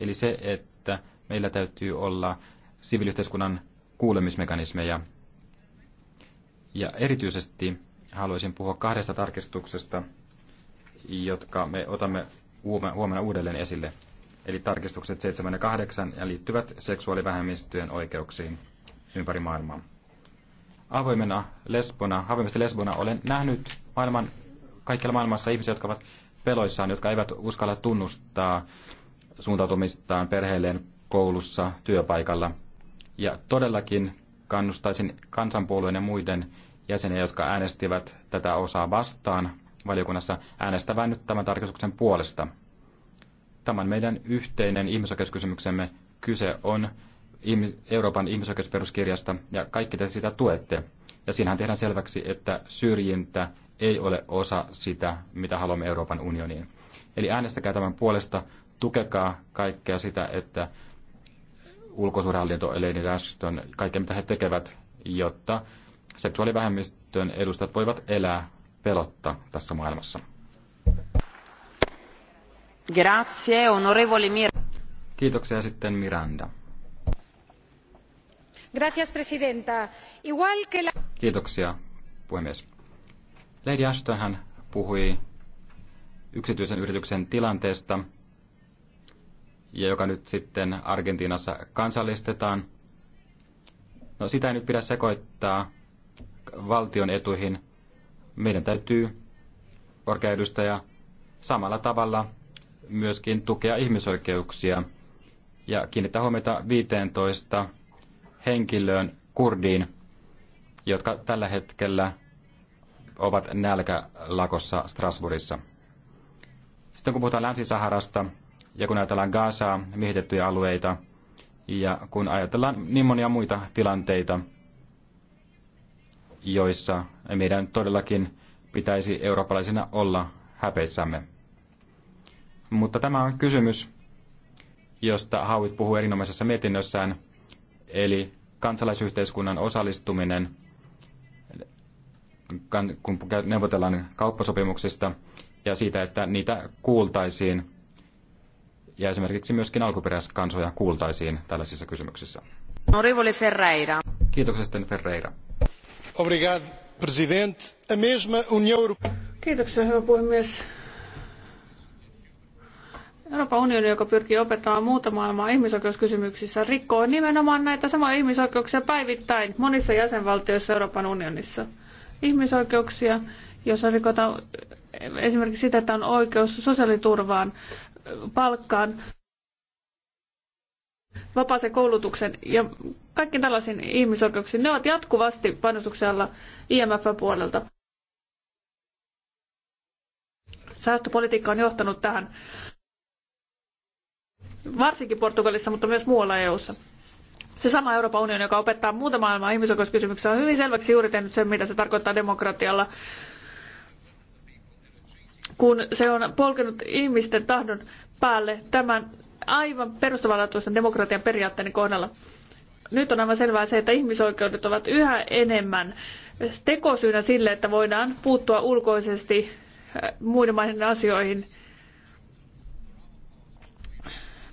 [SPEAKER 3] eli se, että meillä täytyy olla siviiliyhteiskunnan kuulemismekanismeja. Ja erityisesti haluaisin puhua kahdesta tarkistuksesta, jotka me otamme huomenna uudelleen esille eli tarkistukset 7 ja 8, ja liittyvät seksuaalivähemmistöjen oikeuksiin ympäri maailmaa. Avoimena lesbona, avoimesti lesbona olen nähnyt maailman, kaikkialla maailmassa ihmisiä, jotka ovat peloissaan, jotka eivät uskalla tunnustaa suuntautumistaan perheelleen koulussa, työpaikalla. Ja todellakin kannustaisin kansanpuolueen ja muiden jäseniä, jotka äänestivät tätä osaa vastaan valiokunnassa, äänestävän nyt tämän tarkistuksen puolesta – Tämän meidän yhteinen ihmisoikeuskysymyksemme. Kyse on Euroopan ihmisoikeusperuskirjasta ja kaikki te sitä tuette. Ja siinähän tehdään selväksi, että syrjintä ei ole osa sitä, mitä haluamme Euroopan unioniin. Eli äänestäkää tämän puolesta, tukekaa kaikkea sitä, että ulkosuhdehallinto Lady Ashton, kaikkea mitä he tekevät, jotta seksuaalivähemmistön edustajat voivat elää pelotta tässä maailmassa.
[SPEAKER 4] Grazie, onorevole
[SPEAKER 3] Kiitoksia sitten Miranda.
[SPEAKER 5] Gracias, presidenta. Igual que la...
[SPEAKER 3] Kiitoksia, puhemies. Lady Ashton hän puhui yksityisen yrityksen tilanteesta, ja joka nyt sitten Argentiinassa kansallistetaan. No sitä ei nyt pidä sekoittaa valtion etuihin. Meidän täytyy, korkea edustaja, samalla tavalla myöskin tukea ihmisoikeuksia ja kiinnittää huomiota 15 henkilöön kurdiin, jotka tällä hetkellä ovat nälkälakossa Strasbourgissa. Sitten kun puhutaan Länsi-Saharasta ja kun ajatellaan Gazaa, miehitettyjä alueita, ja kun ajatellaan niin monia muita tilanteita, joissa meidän todellakin pitäisi eurooppalaisina olla häpeissämme. Mutta tämä on kysymys, josta Hauit puhuu erinomaisessa mietinnössään, eli kansalaisyhteiskunnan osallistuminen, kun neuvotellaan kauppasopimuksista ja siitä, että niitä kuultaisiin ja esimerkiksi myöskin alkuperäiskansoja kuultaisiin tällaisissa kysymyksissä.
[SPEAKER 4] Onorevole
[SPEAKER 1] Ferreira.
[SPEAKER 3] Kiitoksia sitten Ferreira. Obrigado, president.
[SPEAKER 4] A
[SPEAKER 1] mesma União Kiitoksia, hyvä puhemies. Euroopan unioni, joka pyrkii opettamaan muuta maailmaa ihmisoikeuskysymyksissä, rikkoo nimenomaan näitä samoja ihmisoikeuksia päivittäin monissa jäsenvaltioissa Euroopan unionissa. Ihmisoikeuksia, joissa rikotaan esimerkiksi sitä, että on oikeus sosiaaliturvaan, palkkaan, vapaaseen koulutuksen ja kaikki tällaisiin ihmisoikeuksiin. Ne ovat jatkuvasti panostuksen alla IMF-puolelta. Säästöpolitiikka on johtanut tähän varsinkin Portugalissa, mutta myös muualla EU-ssa. Se sama Euroopan unioni, joka opettaa muuta maailmaa ihmisoikeuskysymyksiä, on hyvin selväksi juuri tehnyt sen, mitä se tarkoittaa demokratialla, kun se on polkenut ihmisten tahdon päälle tämän aivan perustavanlaatuisen demokratian periaatteen kohdalla. Nyt on aivan selvää se, että ihmisoikeudet ovat yhä enemmän tekosyynä sille, että voidaan puuttua ulkoisesti eh, muiden maiden asioihin –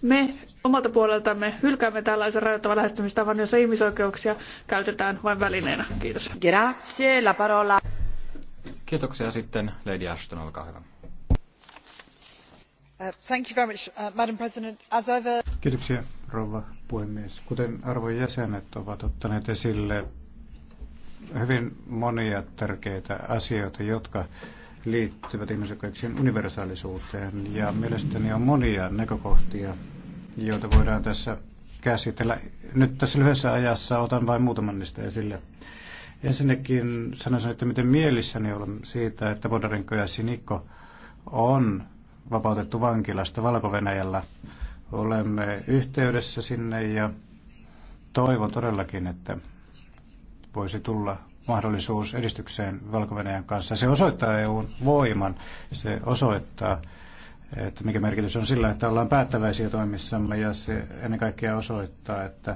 [SPEAKER 1] me omalta puoleltamme hylkäämme tällaisen rajoittavan lähestymistavan, jossa ihmisoikeuksia käytetään vain välineenä. Kiitos. Grazie, la parola.
[SPEAKER 2] Kiitoksia sitten. Lady Ashton, olkaa hyvä.
[SPEAKER 1] Uh, thank you
[SPEAKER 5] very much, uh, Madam President. As I've... Uh,
[SPEAKER 2] Kiitoksia, rouva puhemies. Kuten arvon jäsenet ovat ottaneet esille hyvin monia tärkeitä asioita, jotka liittyvät ihmisoikeuksien universaalisuuteen. Ja mielestäni on monia näkökohtia, joita voidaan tässä käsitellä. Nyt tässä lyhyessä ajassa otan vain muutaman niistä esille. Ensinnäkin sanoisin, että miten mielissäni olen siitä, että Vodarenko ja Sinikko on vapautettu vankilasta valko -Venäjällä. Olemme yhteydessä sinne ja toivon todellakin, että voisi tulla mahdollisuus edistykseen valko kanssa. Se osoittaa EUn voiman, se osoittaa, että mikä merkitys on sillä, että ollaan päättäväisiä toimissamme ja se ennen kaikkea osoittaa, että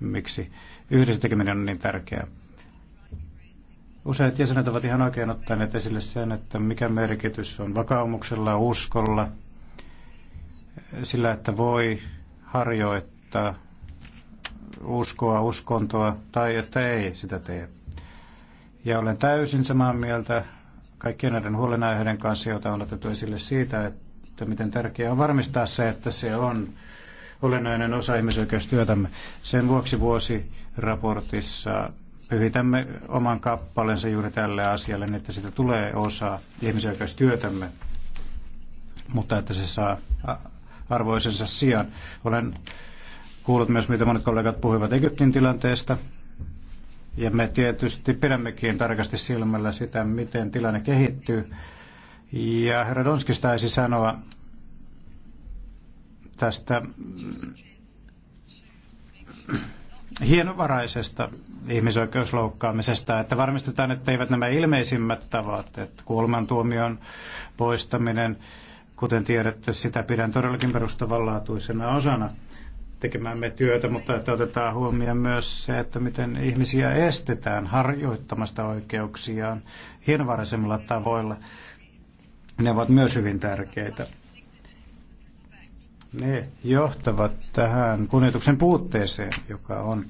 [SPEAKER 2] miksi yhdessä tekeminen on niin tärkeää. Useat jäsenet ovat ihan oikein ottaneet esille sen, että mikä merkitys on vakaumuksella, uskolla, sillä, että voi harjoittaa uskoa, uskontoa tai että ei sitä tee. Ja olen täysin samaa mieltä kaikkien näiden huolenaiheiden kanssa, joita on otettu esille siitä, että miten tärkeää on varmistaa se, että se on olennainen osa ihmisoikeustyötämme. Sen vuoksi vuosiraportissa pyhitämme oman kappalensa juuri tälle asialle, niin että siitä tulee osa ihmisoikeustyötämme, mutta että se saa arvoisensa sijaan. Olen kuullut myös, mitä monet kollegat puhuivat Egyptin tilanteesta. Ja me tietysti pidämmekin tarkasti silmällä sitä, miten tilanne kehittyy. Ja herra Donskis taisi sanoa tästä mm, hienovaraisesta ihmisoikeusloukkaamisesta, että varmistetaan, että eivät nämä ilmeisimmät että kuolemantuomion poistaminen, kuten tiedätte, sitä pidän todellakin perustavanlaatuisena osana Tekemään me työtä, mutta että otetaan huomioon myös se, että miten ihmisiä estetään harjoittamasta oikeuksiaan hienovaraisemmilla tavoilla. Ne ovat myös hyvin tärkeitä. Ne johtavat tähän kunnioituksen puutteeseen, joka on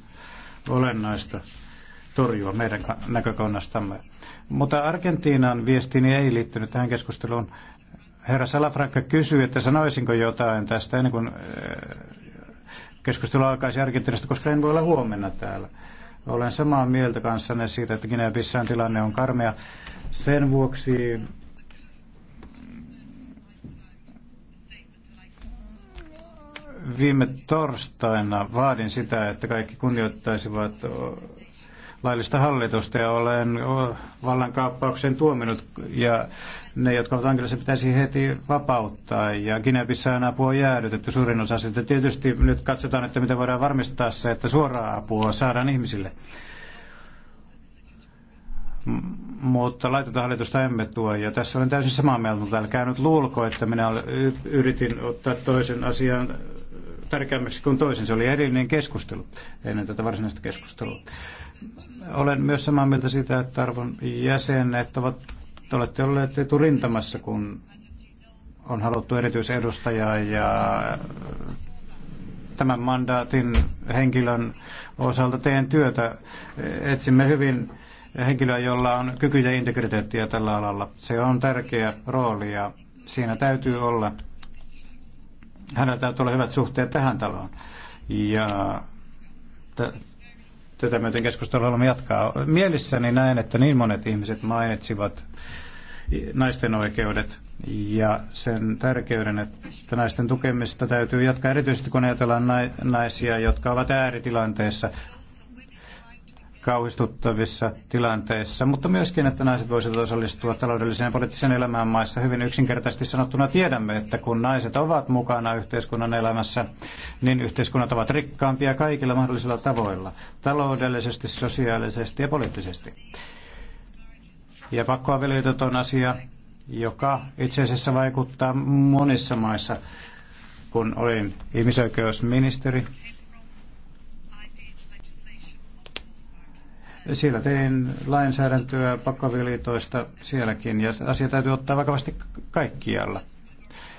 [SPEAKER 2] olennaista torjua meidän näkökannastamme. Mutta Argentiinan viestini ei liittynyt tähän keskusteluun. Herra Salafranca kysyi, että sanoisinko jotain tästä ennen kuin keskustelu alkaisi Argentiinasta, koska en voi olla huomenna täällä. Olen samaa mieltä kanssanne siitä, että guinea bissan tilanne on karmea. Sen vuoksi viime torstaina vaadin sitä, että kaikki kunnioittaisivat laillista hallitusta ja olen vallankaappauksen tuominut ja ne, jotka ovat vankilassa, pitäisi heti vapauttaa ja on apua jäädytetty suurin osa sitten. Tietysti nyt katsotaan, että miten voidaan varmistaa se, että suoraa apua saadaan ihmisille. M mutta laitonta hallitusta emme tuo. Ja tässä olen täysin samaa mieltä, mutta älkää nyt luulko, että minä yritin ottaa toisen asian tärkeämmäksi kuin toisen. Se oli erillinen keskustelu ennen tätä varsinaista keskustelua. Olen myös samaa mieltä siitä, että arvon että ovat, te olette olleet eturintamassa, kun on haluttu erityisedustajaa ja tämän mandaatin henkilön osalta teen työtä. Etsimme hyvin henkilöä, jolla on kyky ja integriteettiä tällä alalla. Se on tärkeä rooli ja siinä täytyy olla, hänellä täytyy olla hyvät suhteet tähän taloon. Ja tätä myöten keskustelua haluamme jatkaa. Mielissäni näen, että niin monet ihmiset mainitsivat naisten oikeudet ja sen tärkeyden, että naisten tukemista täytyy jatkaa erityisesti kun ajatellaan naisia, jotka ovat ääritilanteessa kauhistuttavissa tilanteissa, mutta myöskin, että naiset voisivat osallistua taloudelliseen ja poliittiseen elämään maissa. Hyvin yksinkertaisesti sanottuna tiedämme, että kun naiset ovat mukana yhteiskunnan elämässä, niin yhteiskunnat ovat rikkaampia kaikilla mahdollisilla tavoilla, taloudellisesti, sosiaalisesti ja poliittisesti. Ja pakkoavioliitot on asia, joka itse asiassa vaikuttaa monissa maissa. Kun olin ihmisoikeusministeri, Siellä tein lainsäädäntöä pakkoviliitoista sielläkin ja asia täytyy ottaa vakavasti kaikkialla.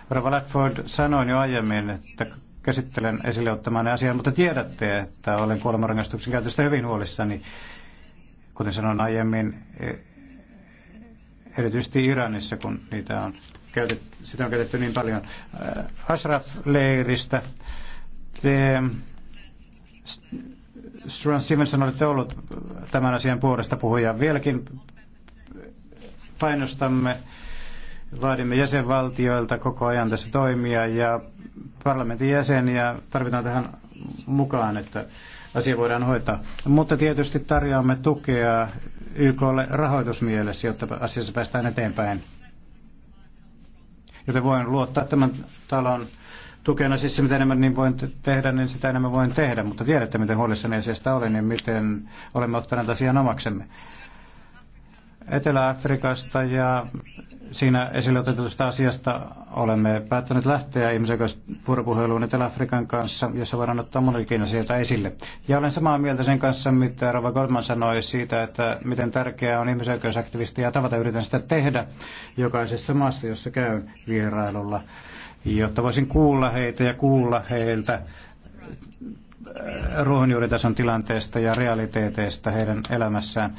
[SPEAKER 2] Rova Latford sanoi jo aiemmin, että käsittelen esille ottamaan asian, mutta tiedätte, että olen kuolemanrangaistuksen käytöstä hyvin huolissani. Kuten sanoin aiemmin, e, erityisesti Iranissa, kun niitä on käytetty, sitä on käytetty niin paljon. Äh, Ashraf-leiristä te Struan Stevenson, olette ollut tämän asian puolesta puhuja. Vieläkin painostamme, vaadimme jäsenvaltioilta koko ajan tässä toimia ja parlamentin jäseniä tarvitaan tähän mukaan, että asia voidaan hoitaa. Mutta tietysti tarjoamme tukea YKlle rahoitusmielessä, jotta asiassa päästään eteenpäin. Joten voin luottaa tämän talon tukena siis se, mitä enemmän niin voin tehdä, niin sitä enemmän voin tehdä. Mutta tiedätte, miten huolissani asiasta olen ja miten olemme ottaneet asian omaksemme. Etelä-Afrikasta ja siinä esille otetusta asiasta olemme päättäneet lähteä ihmisoikeusvuoropuheluun Etelä-Afrikan kanssa, jossa voidaan ottaa monikin asioita esille. Ja olen samaa mieltä sen kanssa, mitä Rova Goldman sanoi siitä, että miten tärkeää on ihmisoikeusaktivistia ja tavata yritän sitä tehdä jokaisessa maassa, jossa käyn vierailulla jotta voisin kuulla heitä ja kuulla heiltä äh, ruohonjuuritason tilanteesta ja realiteeteista heidän elämässään.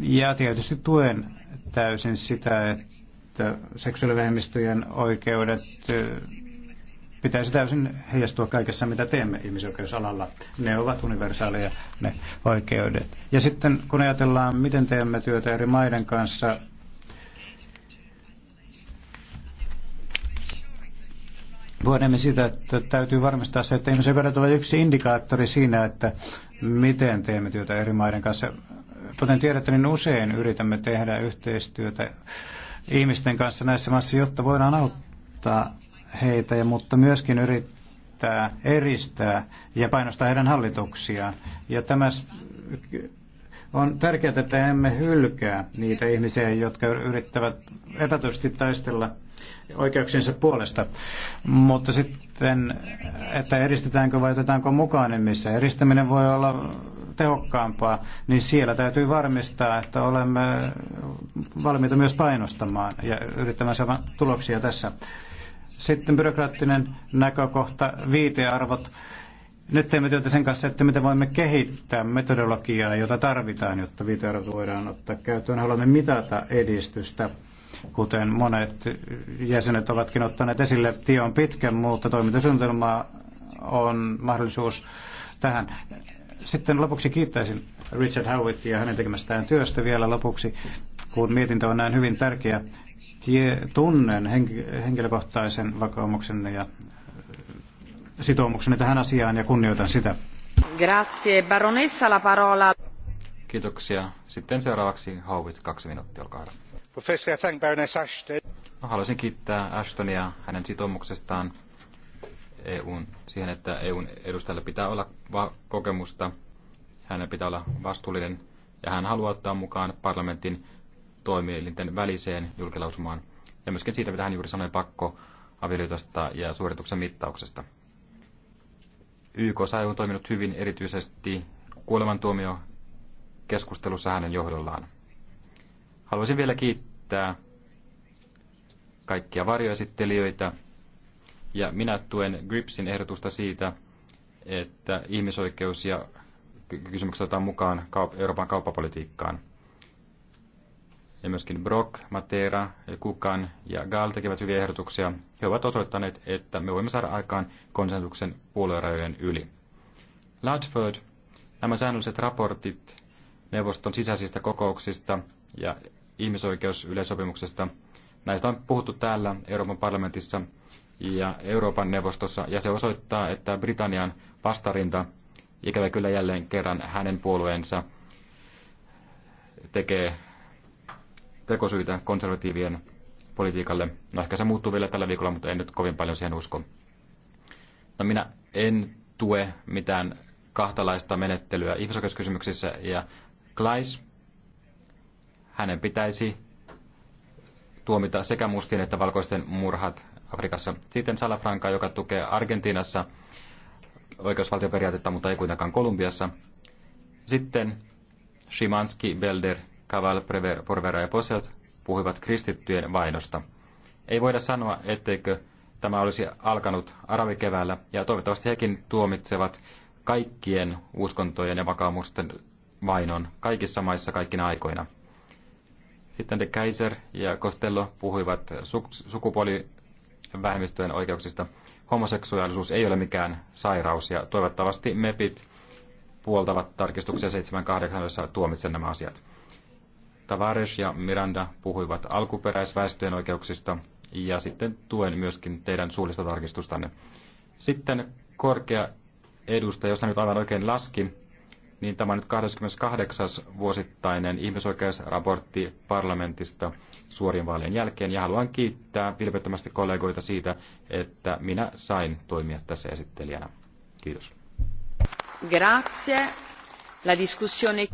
[SPEAKER 2] Ja tietysti tuen täysin sitä, että seksuaalivähemmistöjen oikeudet äh, pitäisi täysin heijastua kaikessa, mitä teemme ihmisoikeusalalla. Ne ovat universaaleja ne oikeudet. Ja sitten kun ajatellaan, miten teemme työtä eri maiden kanssa, vuodemme sitä, että täytyy varmistaa se, että ihmisen verot ovat yksi indikaattori siinä, että miten teemme työtä eri maiden kanssa. Kuten tiedätte, niin usein yritämme tehdä yhteistyötä ihmisten kanssa näissä maissa, jotta voidaan auttaa heitä, ja, mutta myöskin yrittää eristää ja painostaa heidän hallituksiaan. Ja tämä on tärkeää, että emme hylkää niitä ihmisiä, jotka yrittävät epätoisesti taistella oikeuksiensa puolesta. Mutta sitten, että eristetäänkö vai otetaanko mukaan, niin missä eristäminen voi olla tehokkaampaa, niin siellä täytyy varmistaa, että olemme valmiita myös painostamaan ja yrittämään saada tuloksia tässä. Sitten byrokraattinen näkökohta, viitearvot. Nyt teemme työtä sen kanssa, että miten voimme kehittää metodologiaa, jota tarvitaan, jotta viitearvot voidaan ottaa käyttöön. Haluamme mitata edistystä Kuten monet jäsenet ovatkin ottaneet esille, tie on pitkä, mutta toimintasuunnitelma on mahdollisuus tähän. Sitten lopuksi kiittäisin Richard Howittia hänen tekemästään työstä vielä lopuksi, kun mietintö on näin hyvin tärkeä. Tie, tunnen henkilökohtaisen vakaumuksen ja äh, sitoumuksenne tähän asiaan ja kunnioitan sitä.
[SPEAKER 4] Grazie, baronessa la parola.
[SPEAKER 3] Kiitoksia. Sitten seuraavaksi Howitt kaksi minuuttia, olkaa hyvä haluaisin kiittää Ashtonia hänen sitoumuksestaan EUn, siihen, että EUn edustajalla pitää olla kokemusta, hänen pitää olla vastuullinen ja hän haluaa ottaa mukaan parlamentin toimielinten väliseen julkilausumaan ja myöskin siitä, mitä hän juuri sanoi pakko avioliitosta ja suorituksen mittauksesta. YK e on toiminut hyvin erityisesti kuolemantuomio keskustelussa hänen johdollaan. Haluaisin vielä kiittää kaikkia varjoesittelijöitä ja minä tuen GRIPSin ehdotusta siitä, että ihmisoikeus ja kysymykset otetaan mukaan Euroopan kauppapolitiikkaan. Ja myöskin Brock, Matera, Kukan ja Gaal tekevät hyviä ehdotuksia. He ovat osoittaneet, että me voimme saada aikaan konsensuksen puoluerajojen yli. Ladford, nämä säännölliset raportit neuvoston sisäisistä kokouksista ja ihmisoikeusyleisopimuksesta. Näistä on puhuttu täällä Euroopan parlamentissa ja Euroopan neuvostossa, ja se osoittaa, että Britannian vastarinta, ikävä kyllä jälleen kerran hänen puolueensa, tekee tekosyitä konservatiivien politiikalle. No ehkä se muuttuu vielä tällä viikolla, mutta en nyt kovin paljon siihen usko. No minä en tue mitään kahtalaista menettelyä ihmisoikeuskysymyksissä ja Klais hänen pitäisi tuomita sekä mustien että valkoisten murhat Afrikassa. Sitten Salafranca, joka tukee Argentiinassa oikeusvaltioperiaatetta, mutta ei kuitenkaan Kolumbiassa. Sitten Shimanski, Belder, Kaval, Porvera ja Poselt puhuivat kristittyjen vainosta. Ei voida sanoa, etteikö tämä olisi alkanut arabikeväällä, ja toivottavasti hekin tuomitsevat kaikkien uskontojen ja vakaumusten vainon kaikissa maissa kaikkina aikoina. Sitten de Kaiser ja Costello puhuivat sukupuolivähemmistöjen oikeuksista. Homoseksuaalisuus ei ole mikään sairaus ja toivottavasti MEPit puoltavat tarkistuksia 78, jossa tuomitsen nämä asiat. Tavares ja Miranda puhuivat alkuperäisväestöjen oikeuksista ja sitten tuen myöskin teidän suullista tarkistustanne. Sitten korkea edustaja, jos hän nyt aivan oikein laski, niin tämä nyt 28. vuosittainen ihmisoikeusraportti parlamentista suorien vaalien jälkeen. Ja haluan kiittää vilpettömästi kollegoita siitä, että minä sain toimia tässä esittelijänä. Kiitos.
[SPEAKER 4] Grazie. La discussione...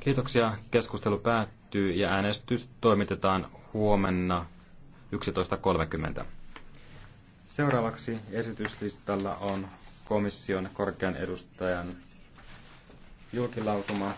[SPEAKER 3] Kiitoksia. Keskustelu päättyy ja äänestys toimitetaan huomenna 11.30.
[SPEAKER 4] Seuraavaksi
[SPEAKER 3] esityslistalla on komission korkean edustajan julkilausuma